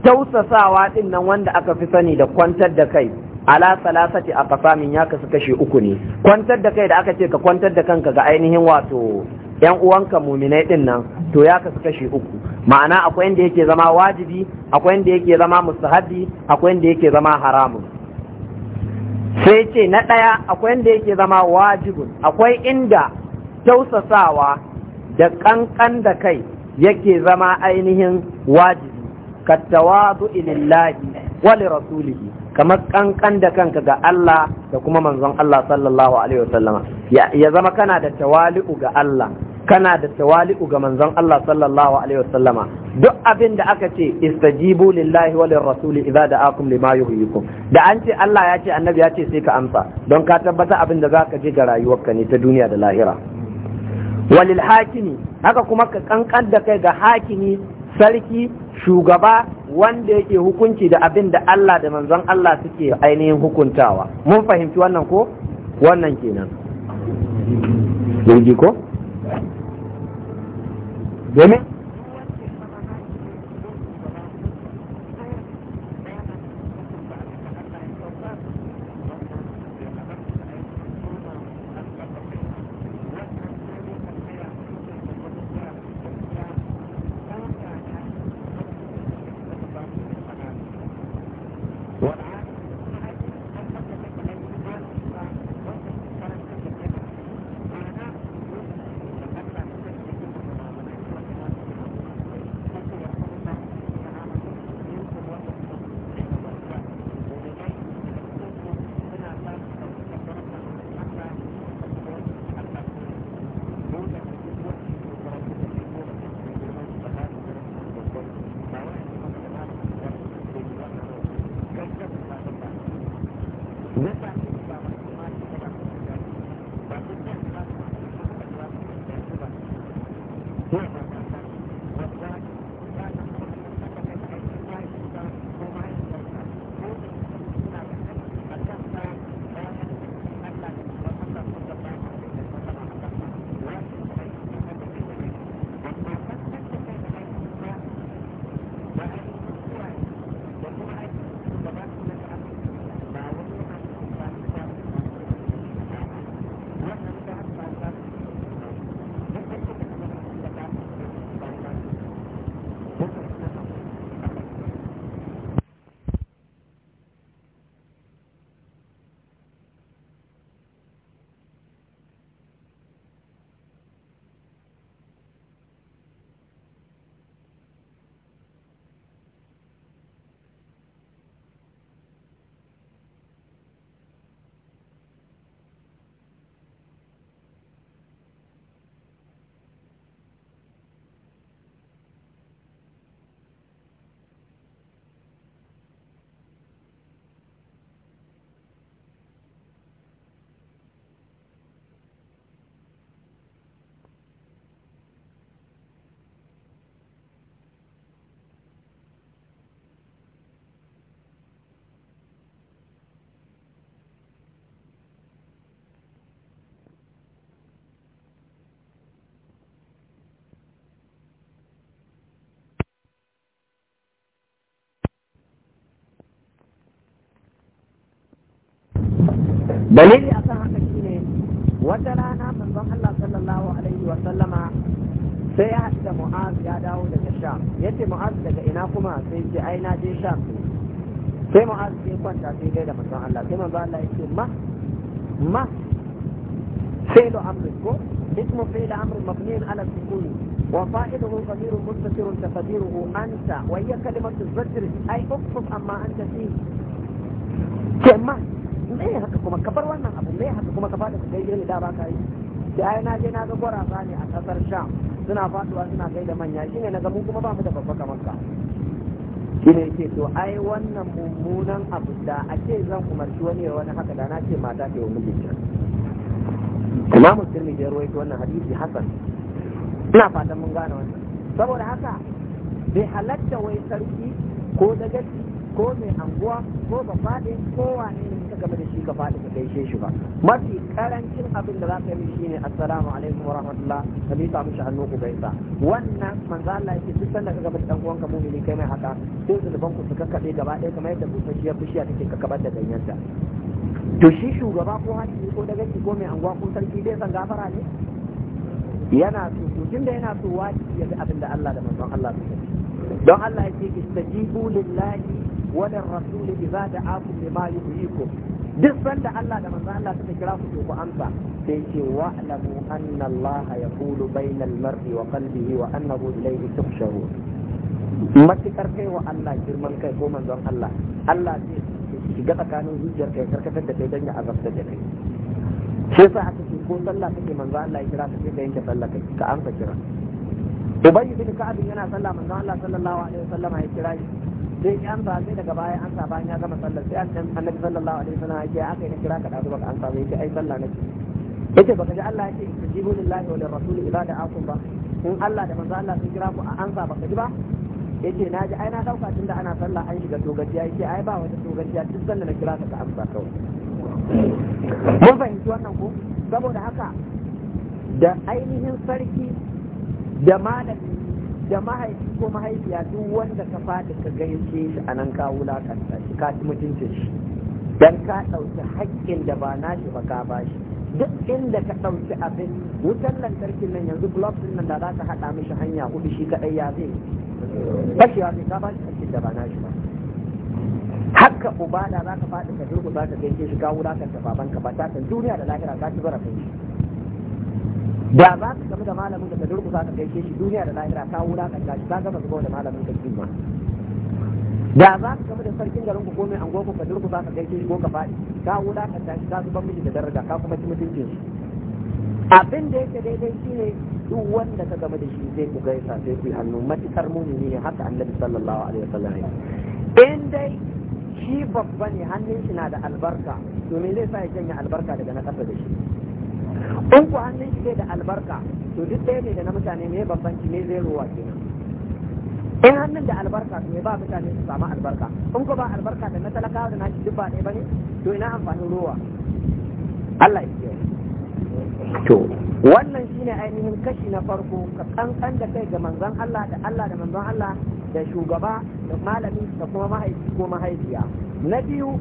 tausasawa din nan wanda aka fi sani da kwantar da kai ala salasati Fasamin ya kasu kashe uku ne kwantar da kai da aka ce ka kwantar da kanka ga ainihin wato yan uwanka muminai din nan to ya kasu kashi uku ma'ana akwai inda yake zama wajibi akwai inda yake zama mustahabi akwai inda yake zama haramun sai ce na ɗaya akwai inda yake zama wajibun akwai inda tausasawa da ƙanƙan da kai yake zama ainihin wajibi kattawadu ilillahi wali rasulihi kamar ƙanƙan da kanka ga Allah da kuma manzon Allah sallallahu alaihi wasallama ya zama kana da tawali'u ga Allah kana da tawali'u ga manzon Allah sallallahu alaihi wasallama duk abin da aka ce istajibu lillahi wa lirrasuli idza da'akum lima yuhyikum da an ce Allah ya ce annabi ya ce sai ka amsa don ka tabbata abin da zaka ji ga rayuwarka ne ta duniya da lahira walil hakimi haka kuma ka kankan da kai ga hakimi sarki shugaba wanda yake hukunci da abin da Allah da manzon Allah suke ainihin hukuntawa mun fahimci wannan ko wannan kenan ko domin dalili akan haka shine wata rana manzon Allah sallallahu alaihi wa sallama sai ya haɗu da mu'az ya dawo daga sham yace mu'az daga ina kuma sai ce ai na je sham sai mu'az sai kwanta sai gaida manzon Allah sai manzon Allah yace ma ma sai ko fi da الكفر اسم ala sukun wa على السكون وفاعله taqdiruhu anta wa hiya kalimatu zajr ay اي amma anta fi ke ma. me haka kuma ka bar wannan abu me haka kuma ka fada ka kai girmi da ba ka yi da ai na je na ga gwarasa ne a kasar sham suna faduwa suna kai da manya shine na ga mu kuma ba mu da babba kamar ka shine yake to ai wannan mummunan abu da ake zan umarci wani ya wani haka da na ce mata ta yi mijinta imamu tirmidhi ya rawaito wannan hadisi hasan ina fatan mun gane wannan saboda haka bai halatta wai sarki ko dagaci ko mai anguwa ko bafaɗe ko wane ne game da shi ka faɗi ka gaishe shi ba mafi karancin abin da za ka yi ne assalamu alaikum wa rahmatullah ka miƙa mishi hannu ku gaisa wannan manzo Allah yake duk sanda ka gaba da dan uwanka mu'mini kai mai haka sai su daban ku su kakkabe gaba ɗaya kamar yadda busasshiyar bishiya take kakkabar da ganyenta to shi shugaba ko hakimi ko dagaci ko mai anguwa ko sarki zai san gafara ne yana so to tunda yana so wajibi ya ga abin da Allah da manzon Allah suka ce don Allah yake istajibu lillahi wa lirrasuli idza da'akum lima yuhyikum duk sanda Allah da manzo Allah suka kira ku ku amsa sai ce wa alamu anna Allah yaqulu bainal mar'i wa qalbihi wa annahu ilayhi tuhsharun matukar kai wa Allah girman kai ko manzon Allah Allah zai shiga tsakanin zuciyar kai karkatar da kai don ya azabta da kai sai sa aka ce ko sallah kake manzo Allah ya kira ka sai ka yanke sallah kai ka amsa kira Ubayy bin Ka'ab yana sallah manzo Allah sallallahu alaihi wasallam ya kira shi sai an ba sai daga baya an bayan ya gama sallar sai an annabi sallallahu alaihi wasallam yake aka yi kira ka da baka an saba yake ai sallah nake yace baka ji Allah yake istajibu lillahi wa lirrasul idza da'akum ba in Allah da manzo Allah sun kira ku a an sa baka ji ba yace na ji ai na dauka tunda ana sallah an shiga dogaciya yace ai ba wata a duk sallar na kira ka ka amsa kawai mun fahimci wannan ko saboda haka da ainihin sarki da malamin. da mahaifi ko mahaifiya duk wanda ka faɗi ka gaishe shi a nan ka wulakanta shi ka ci mutunci shi dan ka ɗauki haƙƙin da ba na shi ba ka ba shi duk inda ka ɗauki abin wutan lantarkin nan yanzu blok din nan da za ka haɗa mishi hanya hudu shi kaɗai ya zai fashewa zai ka ba shi haƙƙin da ba na shi ba haka uba da za ka faɗi ka durgu za ka gaishe shi ka wulakanta babanka ba ta san duniya da lahira ka ci zarafin shi da za ka gamu da malamin da ka durkusa ka ke shi duniya da lahira ka wulakanta za ka gama zuba da malamin da kima da za ka gamu da sarkin garin ku komai an goko ka durkusa ka ke shi ko ka faɗi ka wulakanta tashi ka zuba miji da daraja ka kuma ci mutuncin shi abin da yake daidai shine duk wanda ka gama da shi zai ku gaisa sai ku yi hannu matukar muni ne haka annabi sallallahu alaihi wasallam ya in dai shi babba ne hannun shi na da albarka domin zai sa ya janye albarka daga na kasa da shi in ku hannun shi da albarka to duk ɗaya ne da na mutane mai bambanci ne zai ruwa kenan in hannun da albarka to me ba mutane su samu albarka in ku ba albarka da na talakawa da na shi duk ba ɗaya bane to ina amfanin ruwa Allah ya kiyaye to wannan shine ainihin kashi na farko ka kankan da kai ga manzon Allah da Allah da manzon Allah da shugaba da malami da kuma mahaifi ko mahaifiya na biyu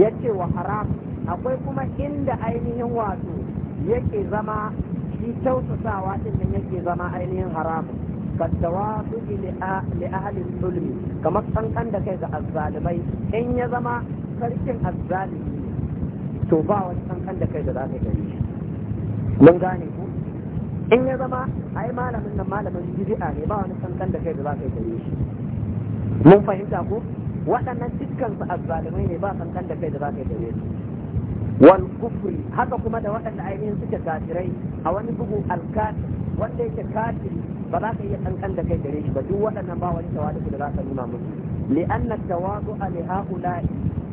ya ce wa haram akwai kuma inda ainihin wato yake zama shi tausasawa din nan yake zama ainihin haramun kaddawa suke li ahalin sulmi kamar kankan da kai ga azzalimai in ya zama sarkin azzalimi to ba wani kankan da kai da za ka gani mun gane ku in ya zama ai malamin nan malamin jiri'a ne ba wani kankan da kai da za ka gani shi mun fahimta ku waɗannan dukkan su azzalimai ne ba kankan da kai da za ka gani su wal kufri haka kuma da waɗanda ainihin suke kafirai a wani bugu alkafir wanda yake kafiri ba za ka iya kankan da kai gare shi ba duk waɗannan ba wani tawadu da za ka nuna musu li'anna tawadu li haula'i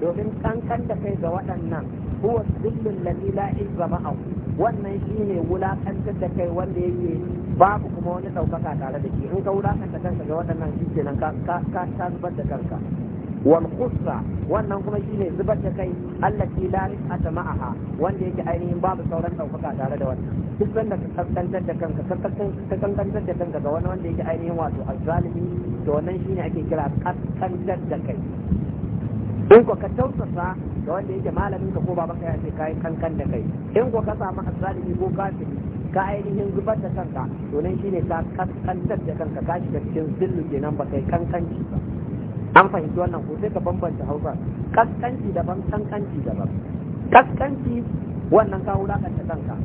domin kankan da kai ga waɗannan huwa dhillul ladhi la izza ma'ahu wannan shine wulakantar da kai wanda yake babu kuma wani ɗaukaka tare da shi in ka wulakanta kanka ga waɗannan shi kenan ka ka zubar da kanka wal qussa wannan kuma shine zubar da kai allah ke la a ma'aha wanda yake ainihin babu sauran daukaka tare da wannan duk sanda ka kaskantar da kanka ka kaskantar da kanka ga wani wanda yake ainihin wato azzalimi to wannan shine ake kira kaskantar da kai in ko ka tausasa ga wanda yake malamin ka ko baban ka ya ce kai kankan da kai in ko ka samu azzalimi ko kafiri ka ainihin zubar da kanka to nan shine ka kaskantar da kanka ka shiga cikin zillu kenan ba kai kankanci ba an fahimci wannan ko sai ka bambanta hausa kaskanci daban kankanci daban kaskanci wannan ka ta kanka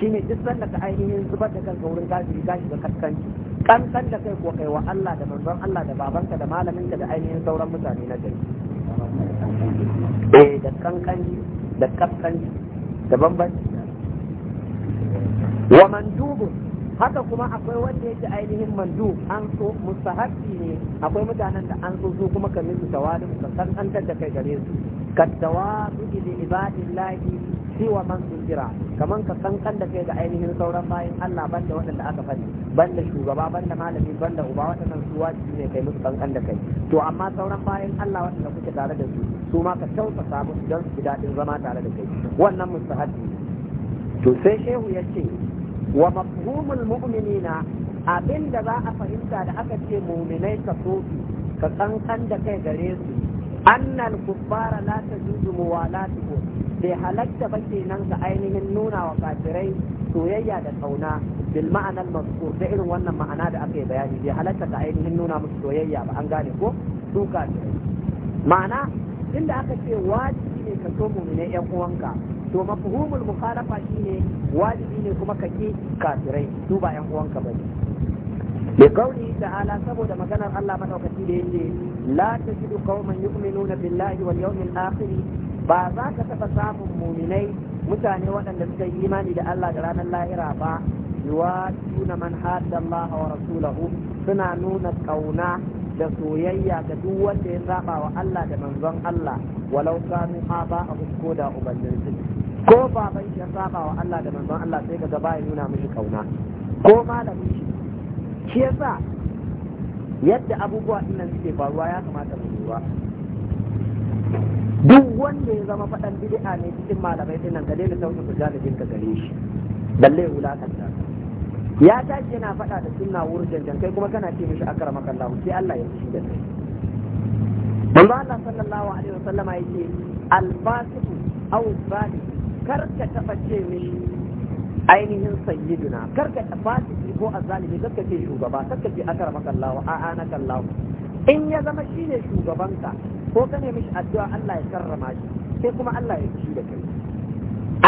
shine duk sanda ka ainihin zubar da kanka wurin kafiri ka shiga kaskanci kankan da kai ko kai wa Allah da manzon Allah da babanka da malaminka da ainihin sauran mutane na gari eh da kankanci da kaskanci da bambanci wa mandubun haka kuma akwai wanda yake ainihin mandu an so mustahabbi ne akwai mutanen da an so su kuma ka su tawali ka kankantar da kai gare su ka tawadu li ibadillahi siwa man sujira kaman ka kankan da kai ga ainihin sauran bayan Allah banda waɗanda aka Ban banda shugaba banda malami banda uba waɗannan su wajibi ne kai musu kankan da kai to amma sauran bayan Allah waɗanda kuke tare da su su ma ka tausa musu don su ji daɗin zama tare da kai wannan mustahabbi to sai shehu ya ce wa mafhumul mu'minina abinda za a fahimta da aka ce mu'minai ka so ka kankan da kai gare su annal kuffara la tajuzu muwalatuhum bai halatta ba kenan ga ainihin nuna wa kafirai soyayya da kauna bil ma'anar mazkur da irin wannan ma'ana da aka yi bayani bai halatta ga ainihin nuna musu soyayya ba an gane ko su kafirai ma'ana inda aka ce wajibi ne ka so mu'minai yan uwanka to mafhumul mukhalafa shine wajibi ne kuma kake kafirai su ba yan uwanka ba ne. bi qawli ta'ala saboda maganar Allah madaukaki da yake la tajidu qauman yu'minuna billahi wal yawmil akhir ba za ka taba samun muminai mutane waɗanda suka yi imani da Allah da ranar lahira ba yuwaduna man hadda Allah wa rasulahu suna nuna kauna da soyayya ga duk wanda ya saba wa Allah da manzon Allah walau kanu ma ba a ko da ubannin ko baban shi ya saba wa Allah da manzon Allah sai kaga ba ya nuna mishi kauna ko malamin shi shi yasa yadda abubuwa dinnan suke faruwa ya kamata mu lura duk wanda ya zama faɗan bid'a ne cikin malamai dinnan ka daina sauke ku galibin ka gare shi balle wulakanta ya tashi yana faɗa da sunna wurin kai kuma kana ce mishi akramaka Allah sai Allah ya fushi da kai manzo Allah sallallahu alaihi wasallama yake al-fasiq aw zalim karka taɓa ce mishi ainihin sayyiduna karka taɓa ce ko azalimi karka ce shugaba karka ce akar makallawa a'a na kallawa in ya zama shine shugabanka ko ka nemi shi addu'a Allah ya karrama shi sai kuma Allah ya ci da kai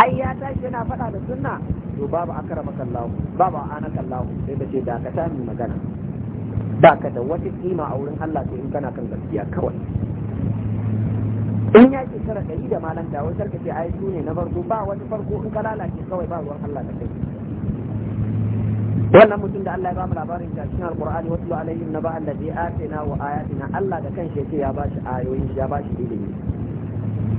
ai ya tashi yana faɗa da sunna to babu akara makallahu babu na kallahu sai da ce da ka ta magana ba ka da wata kima a wurin Allah sai in kana kan gaskiya kawai in ya shekara ɗari da malanta wai karka ce ai su ne na farko ba wani farko in ka lalace kawai ba ruwan Allah da kai wannan mutum da Allah ya ba mu labarin ta cikin alqur'ani wa tullu alaihim naba allazi atina wa ayatina Allah da kanshi yake ya bashi ayoyin ya bashi ilimi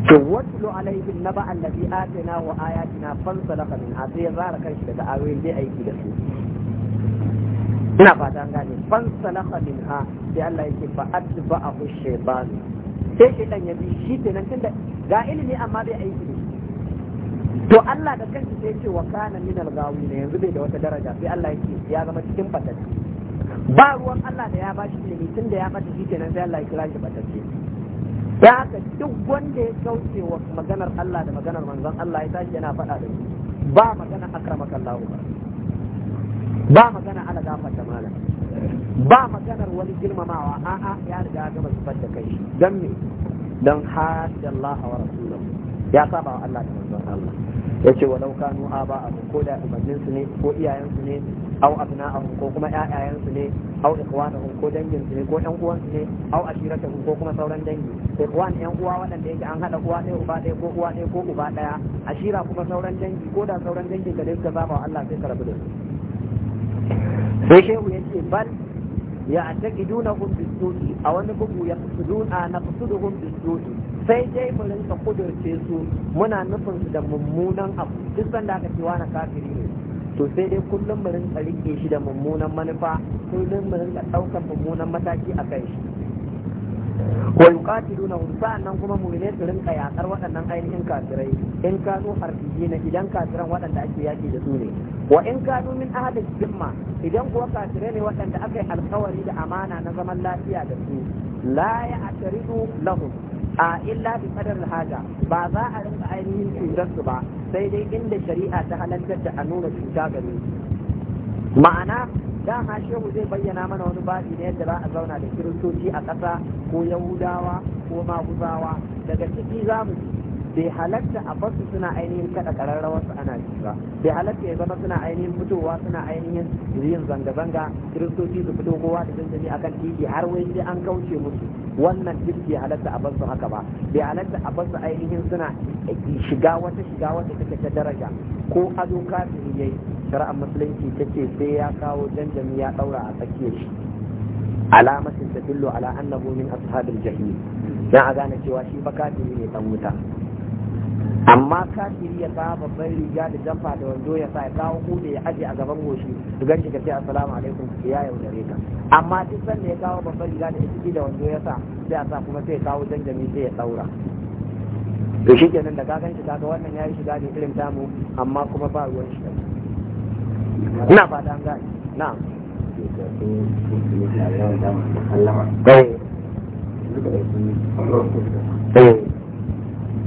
to watlu alaihim naba allazi atina wa ayatina fansalaka min asir zara kanshi daga ayoyin dai aiki da su ina fata an gane fansalaka minha sai Allah yake fa atba'ahu shaytanu sai shi dan ya bi shi kenan tunda ga ilimi amma bai aiki ne. to Allah da kansa sai ce wa kana min al ne yanzu bai da wata daraja sai Allah yake ya zama cikin fatacci ba ruwan Allah da ya ba shi ilimi tunda ya bata shi kenan sai Allah ya kira shi fatacci ya haka duk wanda ya kauce wa maganar Allah da maganar manzon Allah ya tashi yana faɗa da shi ba magana akramaka Allahu ba magana ala gafata malam ba maganar wani girmamawa a'a ya riga gama zubar da kai don me don hasi Allah wa rasulahu ya saba wa Allah da manzon Allah ya ce wa laukanu a ba abu ko da umarninsu ne ko iyayensu ne au abna'ahum ko kuma ƴaƴayensu ne au ikwanahum ko danginsu ne ko ƴan uwansu ne au ashiratahum ko kuma sauran dangi ikwan ƴan uwa waɗanda yake an haɗa uwa ɗaya uba ɗaya ko uwa ɗaya ko uba ɗaya ashira kuma sauran dangi ko da sauran dangin da suka saba wa Allah sai ka rabu da su sai shehu ya ce bal ya atakiduna hum bisu'i a wani bugu ya fusuduna na fusuduhum bisu'i sai dai mu rinka kudurce su muna nufin su da mummunan abu duk sanda aka ce wani kafiri ne to sai dai kullum mu rinka rike shi da mummunan manufa kullum mu rinka daukar mummunan mataki a kai shi wa yuqatiluna hum sa'annan kuma mu'mine su rinka yakar waɗannan ainihin kafirai in kanu harbiyina idan kafiran waɗanda ake yaki da su ne wa in kanu min ahadin jimma idan kuwa kafire ne waɗanda aka yi alkawari da amana na zaman lafiya da su la ya asharidu lahu, a illa bi qadar haja ba za a rinka ainihin cutar su ba sai dai inda shari'a ta halartar da a nuna cuta gare ma'ana dama shehu zai bayyana mana wani babi ne yadda za a zauna da kiristoci a ƙasa ko yahudawa ko maguzawa daga ciki za mu bai halatta a fasu suna ainihin kada kararrawa su ana ji ba bai halatta ya zama suna ainihin fitowa suna ainihin yin zanga-zanga kiristoci su fito kowa da jinjini kan titi har wai sai an kauce musu wannan duk bai halatta a fasu haka ba bai halatta a fasu ainihin suna shiga wata shiga wata take ta daraja ko ado kafin yayi shari'ar musulunci ta ce sai ya kawo janjami ya daura a tsakiyar shi alamatin dillo ala annahu min ashabil jahim dan a gane cewa shi fa ne dan wuta amma kafiri ya kawo babban riga da jamfa da wando ya sa ya kawo kuɗe ya aje a gaban goshi su ganci ka ce assalamu alaikum ya yaudare ka amma duk sanda ya kawo babban riga da ciki da wando ya sa sai a sa kuma sai ya kawo janjami sai ya saura. to shi kenan da ka gan shi kaga wannan ya yi shiga ne irin tamu amma kuma ba ruwan shi ina ba dan gani Na.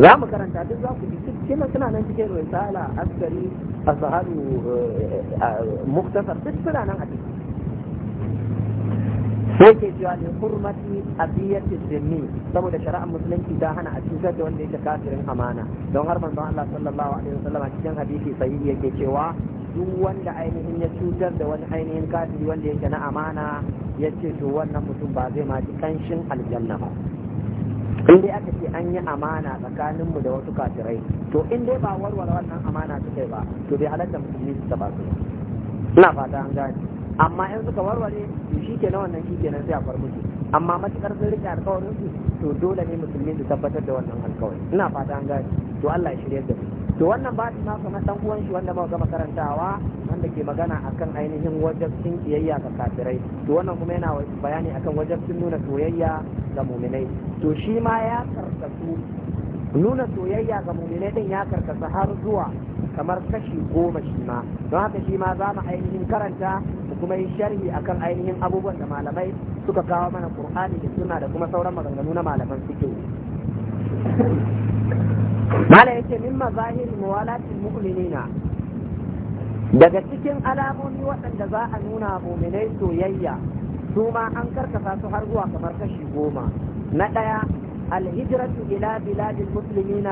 za mu karanta duk za ku ji kina suna nan cikin risala askari azharu eh, eh, eh, muktasar duk suna nan a ciki sai ke cewa ne hurmati biyar zimmi saboda shari'ar musulunci ta hana a cutar da wanda yake kafirin amana don har manzon Allah sallallahu alaihi wasallam cikin hadisi sahihi yake cewa duk wanda ainihin ya cutar da wani ainihin kafiri wanda yake na amana ya ce to wannan mutum ba zai ma ji kanshin aljanna ba Eh? in dai aka ce an yi amana tsakaninmu da wasu kafirai to in dai ba warware wannan amana su kai ba to bai halatta musulmi su taba su ina fata an gane amma in suka warware to shi ke na wannan shi kenan sai a far musu amma matukar sun rike alkawarin su to dole ne musulmi su tabbatar da wannan alkawari ina fata an gane to Allah ya shirya da mu to wannan ba ma kamar dan uwan shi wanda ba ga makarantawa wanda ke magana akan ainihin wajabcin kiyayya ga kafirai to wannan kuma yana bayani akan wajabcin nuna soyayya ga muminai to shi ma ya karkasu nuna soyayya ga muminai din ya karkasa har zuwa kamar kashi goma shi ma don haka shi ma za mu ainihin karanta mu kuma yi sharhi akan ainihin abubuwan da malamai suka kawo mana qur'ani da suna da kuma sauran maganganu na malaman suke mala yake min mazahiri muwalatil mu'minina daga cikin alamomi waɗanda za a nuna mu'minai soyayya su ma an karkasa su har zuwa kamar kashi goma na ɗaya الهجرة إلى بلاد المسلمين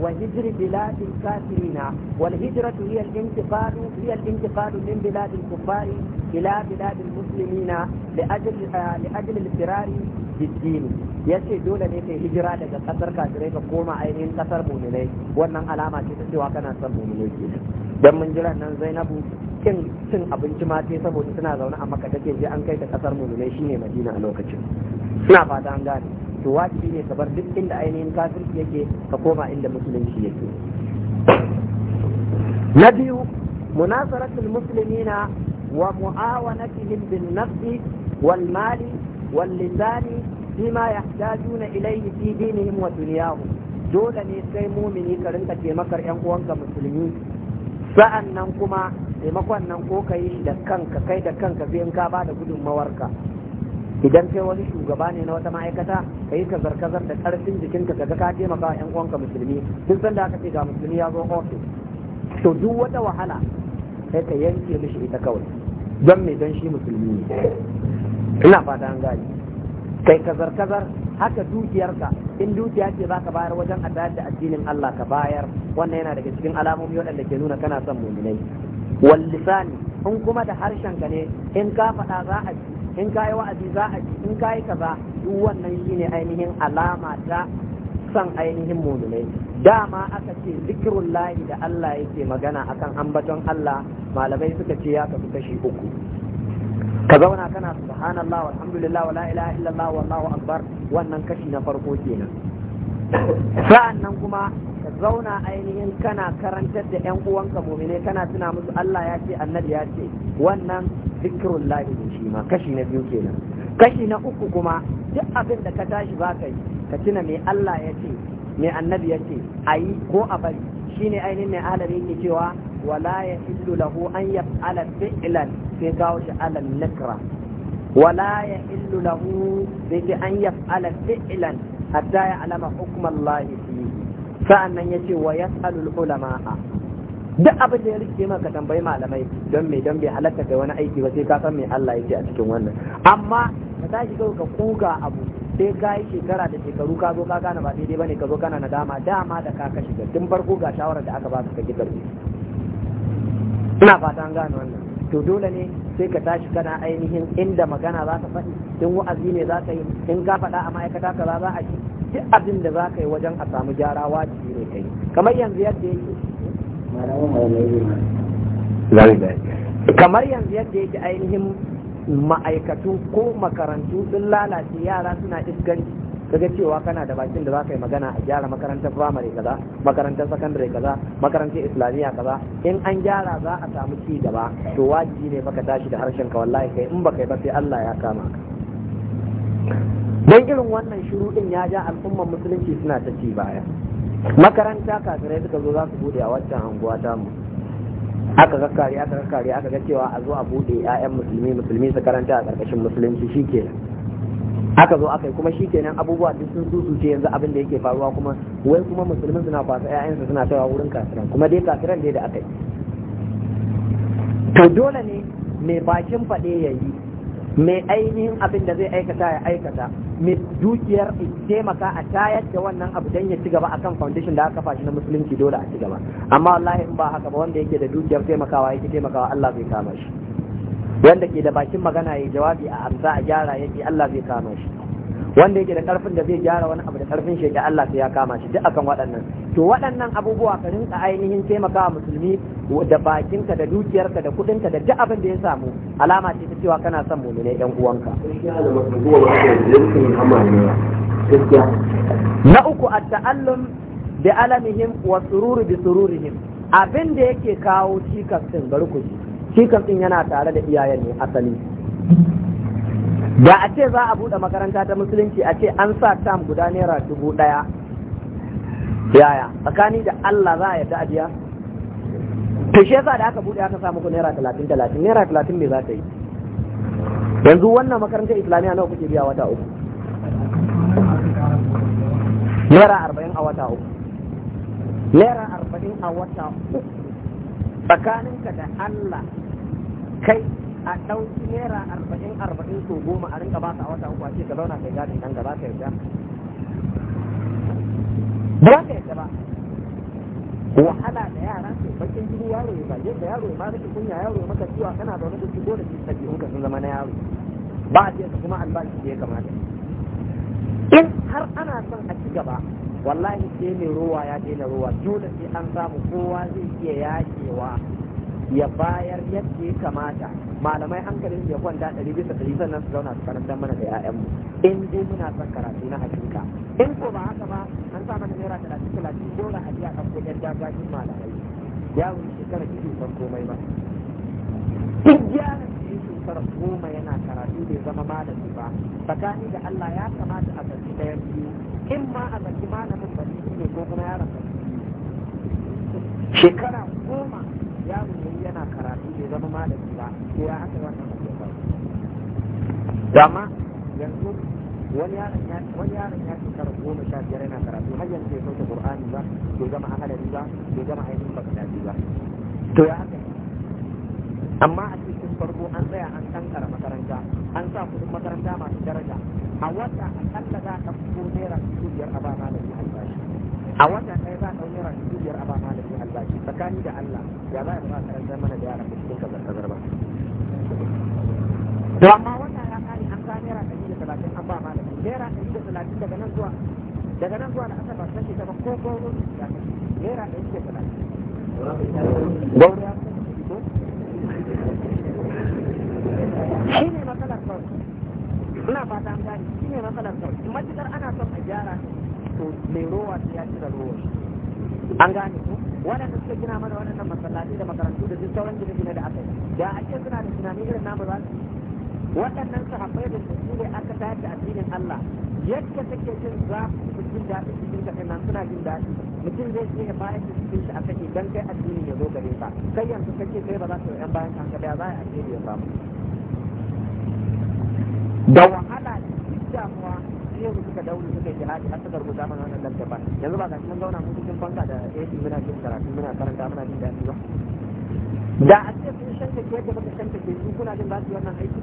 وهجر بلاد الكافرين والهجرة هي الانتقال هي الانتقال من بلاد الكفار إلى بلاد المسلمين لأجل لأجل الفرار بالدين yace dole ne kai hijira daga kasar kafirai ka koma ainihin kasar muminai wannan alama ce ta cewa kana son muminai ke dan mun jira nan Zainabu kin cin abinci ma sai saboda suna zaune a Makka take je an kai ta kasar muminai shine Madina a lokacin suna fata an gane to ne ka bar duk inda ainihin kafirci yake ka koma inda musulunci yake na biyu munasaratul muslimina wa mu'awanatihim bin nafsi wal mali wal lisani fi dinihim wa dunyahum dole ne sai mumini ka taimakar 'yan yan musulmi. مسلمين sa'an nan kuma taimakon nan ko ka da kanka kai da kanka in ka bada gudunmawarka idan kai wani shugaba ne na wata ma'aikata ka yi kazar-kazar da karfin jikinka ka ga ka taimaka wa 'yan uwanka musulmi duk sanda aka ce ga musulmi ya zo ofis to duk wata wahala sai ka yanke mishi ita kawai don me don shi musulmi ne ina fata an gani kai kazar-kazar haka dukiyarka in dukiya ce za ka bayar wajen adayar da addinin Allah ka bayar wannan yana daga cikin alamomi waɗanda ke nuna kana son muminai wallisani in kuma da harshen ka ne in ka faɗa za a ji in ka yi wa'azi za a ji in ka yi kaza duk wannan shine ainihin alama ta san ainihin mulmai dama aka ce zikirun lahi da Allah yake magana akan ambaton Allah malamai suka ce ya kafi kashi uku ka zauna kana subhanallah walhamdulillah wala ilaha illallah wallahu akbar wannan kashi na farko kenan nan kuma ka zauna ainihin kana karantar da yan uwanka muminai kana tuna musu Allah ya ce annabi ya ce wannan zikirun lahi ma kashi na biyu kenan kashi na uku kuma duk abin da ka tashi ba kai, ka tuna mai Allah ya ce mai annabi ya ce a yi ko a bari Shi ne ainihin mai alari ke cewa wala ya illu lahu an yaf'ala fi'lan sai kawo shi alal nakra wala ya illu lahu sai ce an yaf'ala fi'lan hatta ya alama hukman Allah fi sa'annan ce wa yas'alul ulama'a duk abin da ya rike maka tambayi malamai don me don bai halatta kai wani aiki ba sai ka san me Allah yake a cikin wannan amma ka tashi kawai ka kuga abu sai ka yi shekara da shekaru ka zo ka gane ba daidai bane ka zo kana nadama dama da ka kashe ga tun farko ga shawarar da aka ba ka ki karbi ina fatan gane wannan to dole ne sai ka tashi kana ainihin inda magana za ka faɗi in wa'azi ne za ka yi in ka faɗa a ma'aikata ka za a yi duk abin da za ka yi wajen a samu gyara wajibi ne kai kamar yanzu yadda yake kamar yanzu yadda yake ainihin ma'aikatu ko makarantu sun lalace yara suna iskanci kaga cewa kana da bakin da za ka yi magana a gyara makarantar firamare kaza makarantar sakandare kaza makarantar islamiyya kaza in an gyara za a samu ci gaba to wajibi ne baka tashi da harshen ka wallahi kai in baka yi ba sai Allah ya kama ka dan irin wannan shiru din ya ja al'ummar musulunci suna ta ci baya makaranta kafirai suka zo za su bude a waccan anguwa tamu aka kakkare aka kakkare aka ga cewa a zo a bude 'ya'yan musulmi musulmi su karanta a ƙarƙashin musulunci shikenan aka zo aka yi kuma shikenan abubuwa duk sun ce, yanzu abin da yake faruwa kuma wai kuma musulmin suna kwasa su suna cewa wurin kafiran kuma dai kafiran dai da aka yi to dole ne mai bakin faɗe ya yi mai ainihin abin da zai aikata ya aikata mai dukiyar taimaka a tayar da wannan abu don ya ci gaba a kan foundation da aka fashi na musulunci dole a ci gaba amma wallahi in ba haka ba wanda yake da dukiyar taimakawa yake taimakawa Allah zai kama shi wanda ke da bakin magana ya jawabi a amsa a gyara yake Allah zai kama shi wanda yake da karfin da zai gyara wani abu da karfin shi Allah sai ya kama shi duk akan waɗannan to waɗannan abubuwa ka rinka ainihin taimakawa musulmi da bakinka da dukiyarka da kuɗinka da duk abin da ya samu alama ce ta cewa kana son mu'minai ɗan uwanka na uku at-ta'allum bi alamihim wa sururi bi sururihim abin da yake kawo cikas din bari ku ci. cikas din yana tare da iyayen ne asali da a ce za a buɗe makaranta ta musulunci a ce an sa tam guda naira dubu ɗaya yaya tsakani da Allah za a yadda a ta to shi yasa da aka buɗe aka samu muku naira talatin talatin naira talatin ne za ta yi yanzu wannan makarantar islamiyya nawa kuke biya wata uku naira arba'in a wata uku naira arba'in a wata uku tsakaninka da Allah kai a ɗauki naira arba'in arba'in so goma a rinka ba a wata uku a ce ka zauna kai gadin nan da ba ka yarda ba ka yarda ba wahala da yara ke bakin jini yaro ya zage ka yaro ya ma rike kunya yaro ya maka ciwa kana zaune da shi ko da shi ɗabi'un ka sun zama na yaro ba a ce kuma albashi da ya kamata in har ana son a ci gaba wallahi sai mai rowa ya daina rowa dole sai an samu kowa zai iya yakewa ya bayar yadda ya kamata malamai hankalin ya kwanta ɗari bisa ɗari sannan su zauna su karanta mana da 'ya'yanmu in dai muna son karatu na hakika in ko ba haka ba an sa mana naira talatin talatin dole a biya kan kuɗin dagajin malamai ya wuce shekara ki san komai ba duk yaron da ya shekara goma yana karatu bai zama malami ba tsakani da Allah ya kamata a zargi ɗayan biyu in ma a zargi malamin ba ne ko kuma yaron ba shekara goma ya wuce karatu bai zama malami ba ko ya haka wannan abu ya faru dama yanzu wani yaron ya wani yaron ya shekara goma sha biyar yana karatu har yanzu bai sauke qur'ani ba bai zama ahalari ba bai zama ainihin bakadadi ba to ya haka amma a cikin farko an tsaya an kankara makaranta an sa kudin makaranta masu daraja a wata akalla za a ko naira dubu biyar a ba malami albashi a wannan ɗaya za a ɗau naira dubu biyar a ba malami albashi tsakani da Allah ya za a ba karantar mana da yaran da cikin kazar kazar ba to amma wannan ya kare an ka naira ɗari da talatin an ba malami naira ɗari da talatin daga nan zuwa daga nan zuwa da aka ba sake ta ba ko ko ya kashe naira ɗari da talatin gauri ya ko shi ne matsalar sauki. ina fata an gani shi ne matsalar sauki. matuƙar ana son a gyara to mai rowa sai ya cire rowa an gane ku waɗanda suka gina mana waɗannan masallaci da makarantu da duk sauran gine-gine da aka yi da a ce suna da tunani irin namu za su waɗannan su sahabbai da su ne aka tayar da addinin Allah yadda take jin za su jin daɗin cikin kaɗan nan suna jin daɗi mutum zai je ya bayar da cikin shi a kashe don kai addinin ya zo gare ka kai yanzu kake kai ba za ka yi ɗan bayan kanka ba za a addini ya samu da wahala da damuwa shehu suka dauri suka yi jihadi har suka rubuta mana wannan lantar yanzu ba ga mun zauna mu cikin banka da AC muna cikin karatu muna karanta muna jin daɗi ba da a ce sun shanta ke yadda muka shanta ke su kuna jin za wannan aiki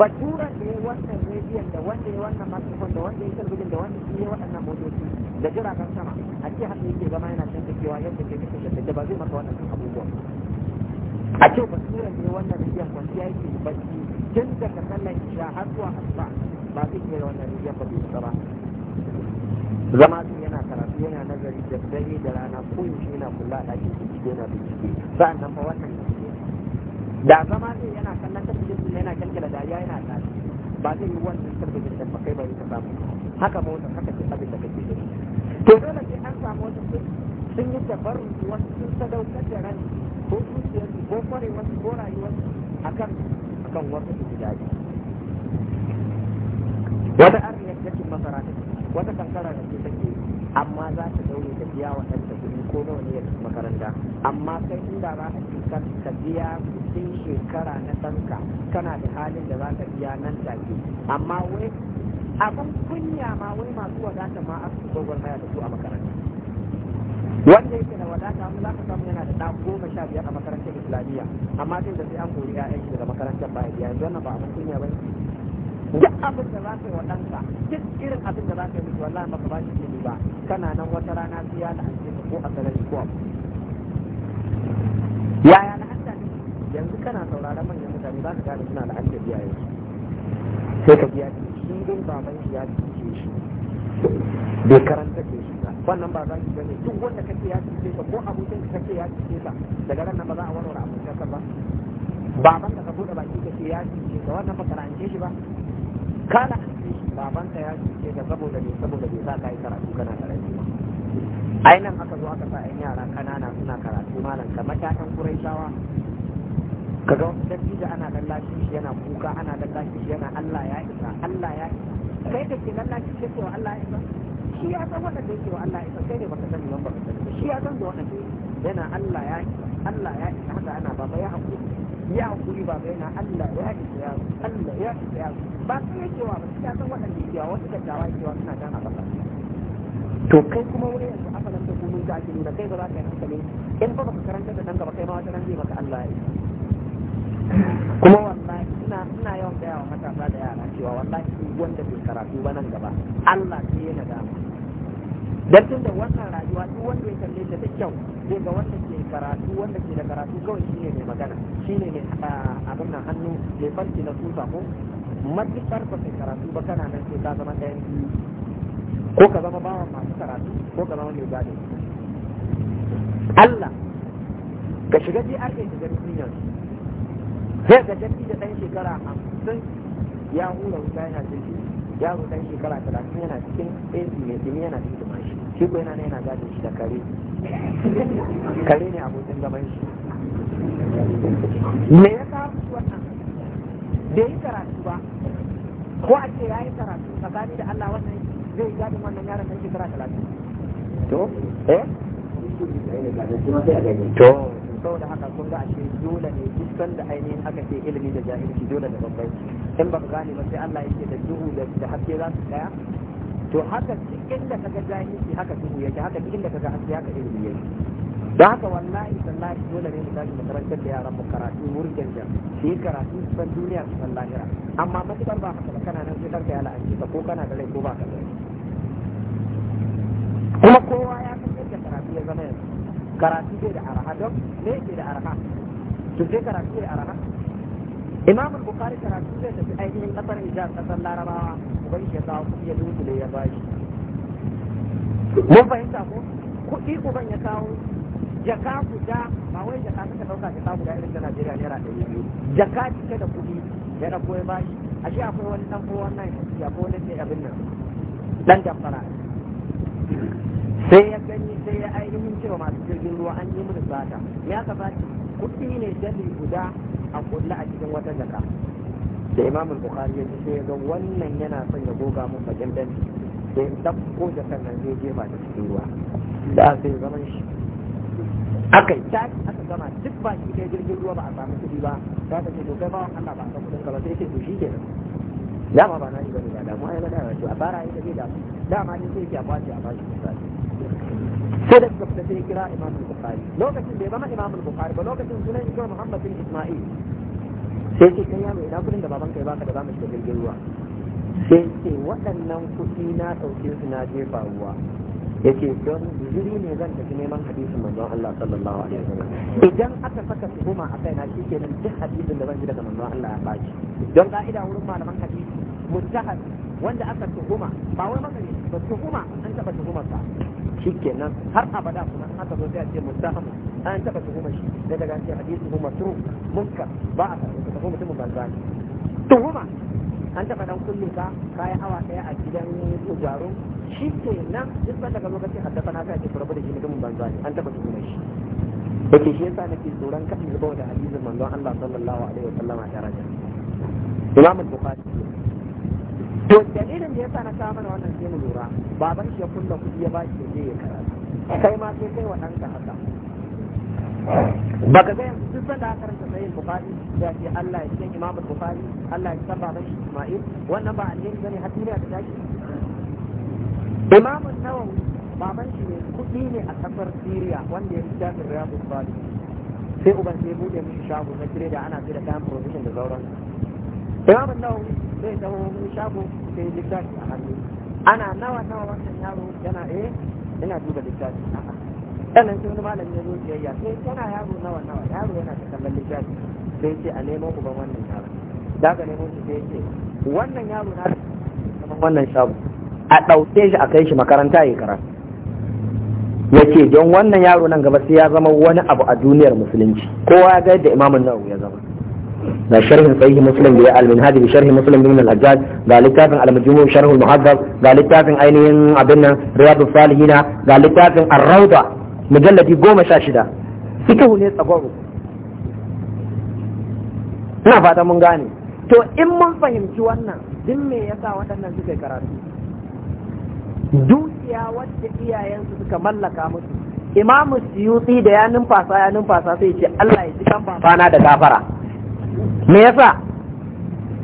baturan da ya wannan rediyon da wanda ya wannan microphone da wanda ya talbijin da wanda ya waɗannan motoci da jiragen sama a ce haka yake zama yana shanta kewa yadda ke kake shanta ba zai maka waɗannan abubuwa. a ce baturan da ya wannan rediyon kwanciya yake bacci tun daga kallon isha har zuwa asuba ba su ke da wannan rijiyar ba su ba zama su yana karatu yana nazari da dare da rana ko yaushe yana kula da ake bincike yana bincike sa'an nan fa wannan da zama zai yana kallon tafiye su yana kyalkyala dariya yana tashi ba zai yi wannan tabbacin da kai ba ta samu haka mota haka ce abin da kake da to dole sai an samu wasu sun yi su wasu sun sadaukar da ran ko su ko su ko su akan akan wasu su ji daɗi wata arniyar cikin masara ta wata kankara da ke take amma za ta daure ta biya wa ta kuɗi ko nawa ne ya tafi makaranta amma sai inda za ka ce ka biya kuɗin shekara na ɗanka kana da halin da za ka biya nan take amma wai abin kunya ma wai masu wadata ma a su gogon haya da su a makaranta wanda yake da wadata mu za ka samu yana da ɗan goma sha biyar a makarantar islamiyya amma tun da sai an kori 'ya'yan shi daga makarantar ba ya biya yanzu wannan ba abin kunya ba ne duk abin da za ka yi wa ɗanka duk irin abin da za ka yi musu wallahi ka ba shi ilimi ba kana nan wata rana su ya la'ance ka ko a sarari ko a yaya la'anta ne yanzu kana sauraron manyan mutane za ka gane suna la'anta biya yau sai ka biya shi dai baban shi ya cuce shi bai karanta ke shi ba wannan ba za ki gane duk wanda kake ya cuce ka ko abokin ka kake ya cuce ka daga nan ba za a warware abokin ka ba baban da ka bude baki ka ce ya cuce ka wannan ba karance shi ba kana babanka ya cuce ka saboda me saboda bai sa ka yi karatu kana karatu ba ai nan aka zo aka sa yan yara kanana suna karatu malam kurai ƴaƴan kuraishawa ga wata dattijo ana lallashi shi yana kuka ana lallashi shi yana Allah ya isa Allah ya isa kai ke lallashi shi cewa Allah ya isa shi ya san wanda yake wa Allah ya isa kai ne baka sani ba baka sani shi ya san da wanda yana Allah ya isa Allah ya isa haka ana baba ya hakuri ya hakuri ba bai na Allah ya isa ya Allah ya isa ya ba su yake wa ba su ya san waɗanda ke da wasu dattawa kewa suna dan a ƙasa to kai kuma wani yanzu aka nan da kuma da ake nuna kai ba za ka yi hankali in ba ka karanta da nan gaba kai ma wata nan zai maka Allah ya isa kuma wallahi ina ina yawan gaya wa matasa da yara cewa wallahi wanda bai karatu ba nan gaba Allah sai ya mu dan tunda wannan rayuwa duk wanda ya kalle ta da kyau zai ga wanda ke karatu wanda ke da karatu kawai shine mai magana shine mai abin nan hannu mai farki na tusa ko matuƙar ba kai karatu ba kana nan sai ka zama ɗayan biyu ko ka zama bawan masu karatu ko ka zama mai gadi Allah ka shiga GRA ka gani kunyar sai ga jami'i da ɗan shekara hamsin ya hura wuta yana jirgin. yaro dan shekara talatin yana cikin ac mai dumi yana cikin shi shi ko yana ne yana gadi shi da kare kare ne abokin gaban shi me ya kawo shi wannan bai yi karatu ba ko a ce ya yi karatu tsakani da allah wannan zai gadin wannan yaron dan shekara talatin to eh to saboda haka kun ga ashe dole ne duk sanda ainihin aka ce ilimi da jahilci dole da babbai in baka gane ba sai Allah yake da duhu da haske za su tsaya to haka duk inda kaga jahilci haka duhu yake haka duk inda kaga haske haka ilimi yake da haka wallahi sallahi dole ne mu tashi makarantar da yaran mu karatu wurin jan shi yi karatu su san duniya su san lahira amma matukar ba haka ba kana nan sai karka ya la'anci ka ko kana da rai ko ba ka da rai kuma kowa ya san yadda karatu ya zama yanzu karatu bai da araha don me yake da araha to sai karatu bai araha imam al-bukhari karatu zai tafi ainihin kasar hijaz kasar larabawa ubangi ya kawo kuɗi ya da ya bashi mun fahimta ko kudi uban ya kawo jaka guda ba wai jaka suka ɗauka jaka guda irin ta najeriya naira ɗari biyu jaka cike da kuɗi ya ɗauko ya bashi ashe akwai wani dan ko wannan ya ko wani ne abin nan dan damfara sai ya gani sai ya ainihin cewa masu jirgin ruwa an yi mini sata ya kamata kuɗi ne jari guda a kulla a cikin wata jaka da imam bukhari ya ji sai ga wannan yana son ya goga mun bakin dan sai dabbo da nan zai jefa ta cikin ruwa da sai zaman shi aka ta aka gama duk ba shi kai jirgin ruwa ba a samu kuɗi ba za ta ce to kai ba Allah ba a samu kuɗin ka ba sai ce to shi ke dama ba na yi bane ba damuwa ya ga da a fara yi da zai damu dama ne sai ke a kwace a bashi misali sai da suka fita sai kira imam al-bukhari lokacin bai zama imam al-bukhari ba lokacin sunan ikra muhammad bin isma'il sai ce kai yaro ina kudin da baban kai baka da zamu shiga jirgin ruwa sai ce waɗannan kuɗi na ɗauke su na jefa ruwa yace don jiri ne zan tafi neman hadisin manzon Allah sallallahu alaihi wasallam idan aka saka tuhuma a kaina shikenan duk hadisin da zan ji daga manzon Allah ya baci don ka'ida wurin malaman hadisi mujtahid wanda aka tuhuma ba wai magani ba tuhuma an taba tuhumar sa shikenan kenan har abada kuma haka zo sai a ce mustahamu an taba tuhuma shi da daga cikin hadisi kuma su munka ba a karɓi ka mutum banza ne tuhuma an taba dan kullum ka kai awa kai a gidan ujaru shi kenan duk ban daga lokacin haddasa na sai a ce furabu da shi mutum banza ne an taba kuma shi yake shi yasa nake tsoron kan zuba da hadisin manzon Allah sallallahu alaihi wa sallama ta raja Imam Bukhari to dalilin da yasa na kawo mana wannan sai mu lura baban shi ya kulla kuɗi ya baki ya je ya karatu kai ma sai kai wa ɗanka haka baka ga yanzu duk sanda aka karanta sayin bukari ya ce Allah ya cikin imamu bukari Allah ya san baban shi Isma'il wannan ba alheri bane har da ta tashi imamu Nawawi baban shi ne kuɗi ne a kasar Siriya, wanda ya fi jafin Riyadu Sali sai uban sai bude mishi shago na kire da ana kira kayan provision da sauran imamu Nawawi zai zama wani shago sai littafi a hannu ana nawa nawa wannan yaro yana eh yana duba littafi sannan sai wani malami ya zo siyayya sai eh, tana yaro nawa nawa yaro yana ta kallon littafi sai ce a nemo uban wannan yaro Daga ka nemo shi sai ce wannan yaro na kaman wannan shago a ɗauke shi a kai shi makaranta ya karatu ya ce don wannan yaro nan gaba sai ya zama wani abu a duniyar musulunci kowa ya ga yadda imamun nawawi ya zama da sharhin sahih muslim da al-minhaj bi sharhi muslim bin al-hajjaj da littafin al-majmu' sharh al-muhaddab da littafin ainihin abin nan riyadus salihin da littafin ar-rawda mujalladi 16 fikihu ne tsagoro ina fata mun gane to in mun fahimci wannan duk me yasa waɗannan suka yi karatu dukiya wacce iyayensu suka mallaka musu imamu suyuti da ya numfasa ya numfasa sai ce Allah ya ji kan babana da gafara me yasa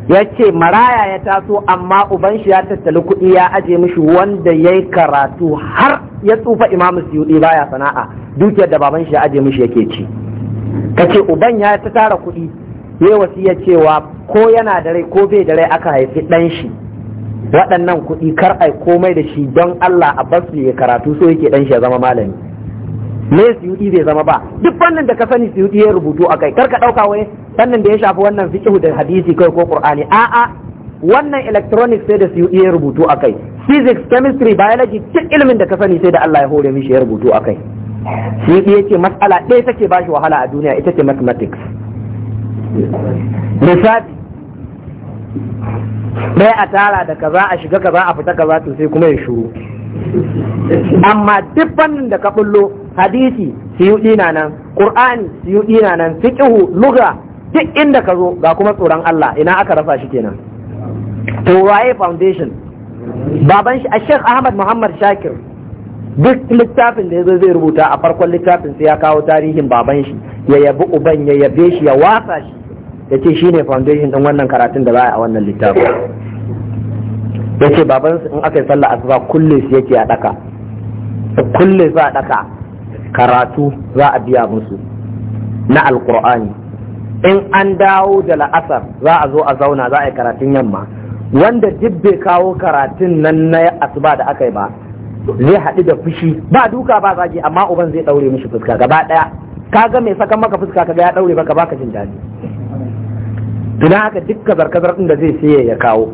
ya ce maraya ya taso amma uban shi ya tattali kuɗi ya aje mishi wanda ya yi karatu har ya tsufa imamu suyuɗi baya sana'a dukiyar da baban shi ya aje mishi yake ci ka ce uban ya ta tara kuɗi ya wasiya cewa ko yana da rai ko bai da rai aka haifi ɗan shi waɗannan kuɗi kar ai komai da shi don Allah a basu ya karatu so yake ɗan shi ya zama malami me suyuti zai zama ba duk fannin da ka sani suyuti ya rubutu a kai karka ɗauka wai fannin da ya shafi wannan fiqh da hadisi kai ko qur'ani a'a wannan electronics sai da suyuti ya rubutu a kai physics chemistry biology duk ilimin da ka sani sai da Allah ya hore mishi ya rubutu a kai suyuti yace mas'ala ɗaya take bashi wahala a duniya ita ce mathematics lissafi ɗaya a tara da kaza a shiga kaza a fita kaza to sai kuma ya shuru amma duk fannin da ka bullo hadisi suyudi na nan qur'ani suyudi na nan fiqhu lugha duk inda ka zo ga kuma tsoron Allah ina aka rasa shi kenan to waye foundation baban shi Sheikh Ahmad Muhammad Shakir duk littafin da yazo zai rubuta a farkon littafin sai ya kawo tarihin baban shi ya yabi uban ya yabe shi ya wasa shi yace shine foundation din wannan karatun da za a wannan littafin yace baban in aka yi sallah asuba kulle su yake a daka kulle su a daka karatu za a biya musu na alkur'ani in an dawo da la'asar za a zo a zauna za a yi karatun yamma wanda duk bai kawo karatun nan na asuba da aka yi ba zai haɗu da fushi ba duka ba zagi amma uban zai ɗaure mishi fuska gaba ɗaya kaga mai sakan maka fuska kaga ya ɗaure baka baka jin daɗi tuna haka duk kazar-kazar ɗin da zai siye ya kawo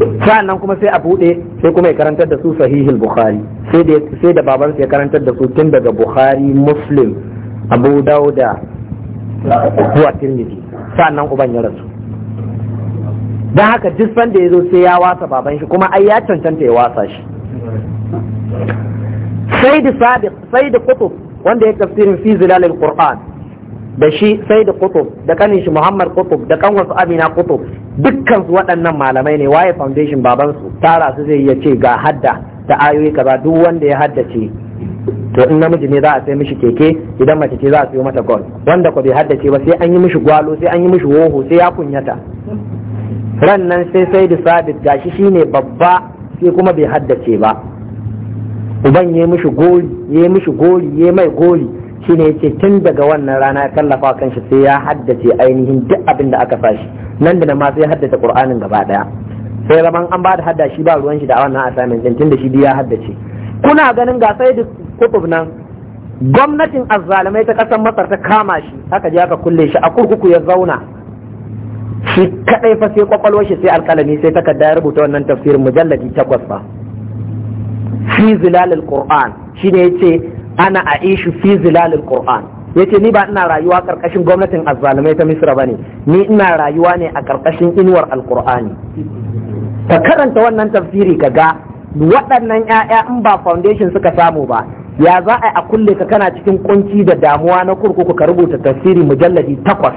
nan kuma sai a bude sai kuma ya karantar da su sahihul bukhari sai da sai da baban ya karantar da su tun daga bukhari muslim abu dauda zuwa tirmidhi nan uban ya rasu don haka duk da ya zo sai ya wasa baban shi kuma ai ya cancanta ya wasa shi sai da sadiq sai da kutub wanda ya tafsirin fi zilalil qur'an da shi sai da kutub da kanin shi muhammad kutub da kan wasu amina kutub dukkan su waɗannan malamai ne waye foundation baban su tara su zai iya ce ga hadda ta ayoyi kaza duk wanda ya haddace to in namiji ne za a sai mishi keke idan mace ce za a sayo mata gwal, wanda ko bai haddace ba sai an yi mishi gwalo sai an yi mishi woho sai ya kunyata ran nan sai sai da sabit gashi shine babba sai kuma bai haddace ba uban ya mishi goli ya mishi goli ya mai goli shine yace tun daga wannan rana ya kallafa kanshi sai ya haddace ainihin duk abin da aka fashi nan da ma sai ya haddace qur'anin gaba daya sai zaman an ba da hadda shi ba ruwan shi da wannan assignment din tunda shi duk ya haddace kuna ganin ga sai da kutub nan gwamnatin azzalumai ta kasar masar ta kama shi aka je aka kulle shi a kurkuku ya zauna shi kadai fa sai kwakwalwar shi sai alkalami sai takarda ya rubuta wannan tafsirin mujalladi takwas ba fi zilalil qur'an shine yace ana aishu fi zilalil qur'an yace ni ba ina rayuwa karkashin gwamnatin azzalumai ta misra bane ni ina rayuwa ne a karkashin inuwar alqur'ani ka karanta wannan tafsiri ka ga waɗannan 'ya'ya in ba foundation suka samu ba ya za a a kulle ka kana cikin kunci da damuwa na kurkuku ka rubuta tafsiri mujalladi takwas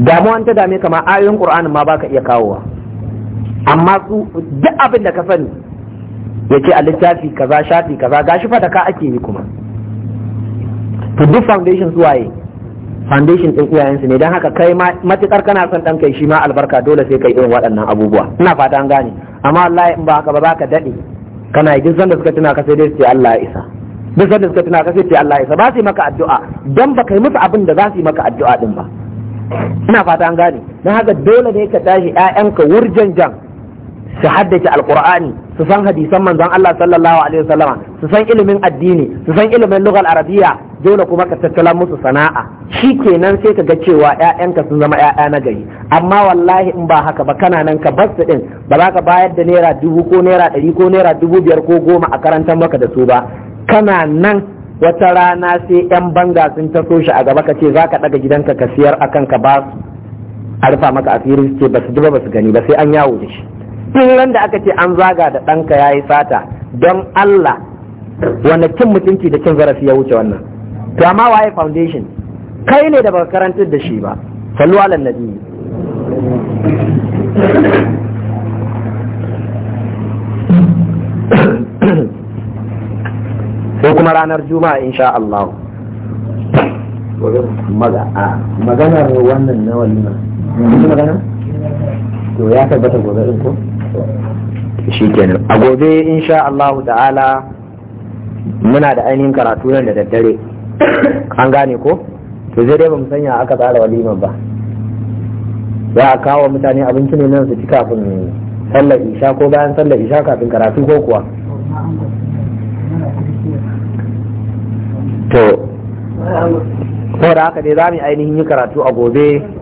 damuwan ta dame kama ayoyin qur'anin ma baka iya kawowa amma duk abin da ka sani ya ce a littafi kaza shafi kaza gashi fa ka ake yi kuma to duk foundation su waye foundation ɗin iyayensu ne don haka kai matuƙar kana son ɗan kai shi ma albarka dole sai kai irin waɗannan abubuwa ina fata an gane amma wallahi in ba haka ba ka daɗe kana yi duk sanda suka tuna ka sai dai su ce Allah ya isa duk sanda suka tuna ka sai ce Allah ya isa ba su yi maka addu'a don ba kai musu abin da za su yi maka addu'a din ba ina fata an gane don haka dole ne ka tashi ƴaƴanka jan su haddace alƙur'ani su san hadisan manzon Allah sallallahu alaihi wasallama su san ilimin addini su san ilimin lugal arabiya dole kuma ka tattala musu sana'a Shi kenan sai ka ga cewa ƴaƴanka sun zama ƴaƴa na gari amma wallahi in ba haka ba kana nan ka bar din ba za ka bayar da naira dubu ko naira ɗari ko naira dubu biyar ko goma a karantar maka da su ba kana nan wata rana sai 'yan banga sun taso shi a gaba ka ce za ka ɗaga gidanka ka siyar akan ka ba a rufa maka asiri ce ba su duba ba su gani ba sai an yawo da shi duk da aka ce an zaga da ɗanka ya yi sata don Allah wanda cin mutunci da cin zarafi ya wuce wannan to amma waye foundation kai ne da baka karantar da shi ba sallu ala nabi sai kuma ranar juma'a insha Allah maganar wannan na walima magana to ya tabbata gobe in ko kenan a gobe insha Allah ta'ala muna da ainihin karatu nan da daddare an gane ko to zai dai ba mu sanya aka tsara waliman ba za a kawo mutane abinci ne nan su ci kafin sallar isha ko bayan sallar isha kafin karatu ko kuwa to ko da haka dai za mu ainihin yi karatu a gobe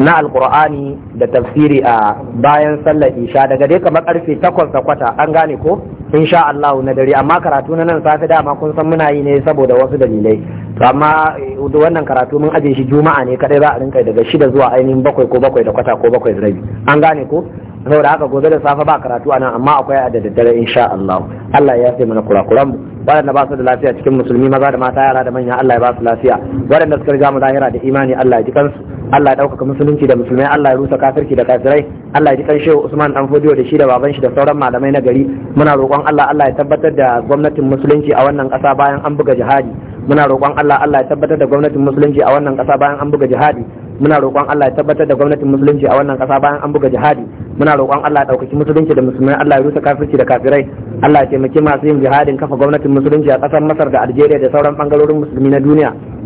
na alkur'ani da tafsiri a bayan sallar isha daga dai kamar karfe takwas da kwata an gane ko insha Allah na dare amma karatu na nan safi dama kun san muna yi ne saboda wasu dalilai to amma eh, wannan karatu mun aje shi juma'a ne kadai za a rinka daga shida zuwa ainihin bakwai ko bakwai da kwata ko bakwai da rabi an gane ko saboda haka gobe da safe ba karatu a nan amma akwai a da daddare insha Allah Allah ya yafe mana kurakuran mu waɗanda ba su da lafiya cikin musulmi maza da mata yara da manya Allah ya ba su lafiya waɗanda suka riga mu zahira da imani Allah ya ji kansu Allah ya ɗaukaka musulunci da musulmai Allah ya rusa kafirci da kafirai Allah ya ji karshe Usman dan Fodiyo da shi da baban shi da sauran malamai na gari muna roƙon Allah Allah ya tabbatar da gwamnatin musulunci a wannan ƙasa bayan an buga jihadi muna roƙon Allah Allah ya tabbatar da gwamnatin musulunci a wannan ƙasa bayan an buga jihadi muna roƙon Allah ya tabbatar da gwamnatin musulunci a wannan ƙasa bayan an buga jihadi muna roƙon Allah ya ɗaukaki musulunci da musulmai Allah ya rusa kafirci da kafirai Allah ya taimaki masu yin jihadin kafa gwamnatin musulunci a ƙasar Masar da Algeria da sauran bangarorin musulmi na duniya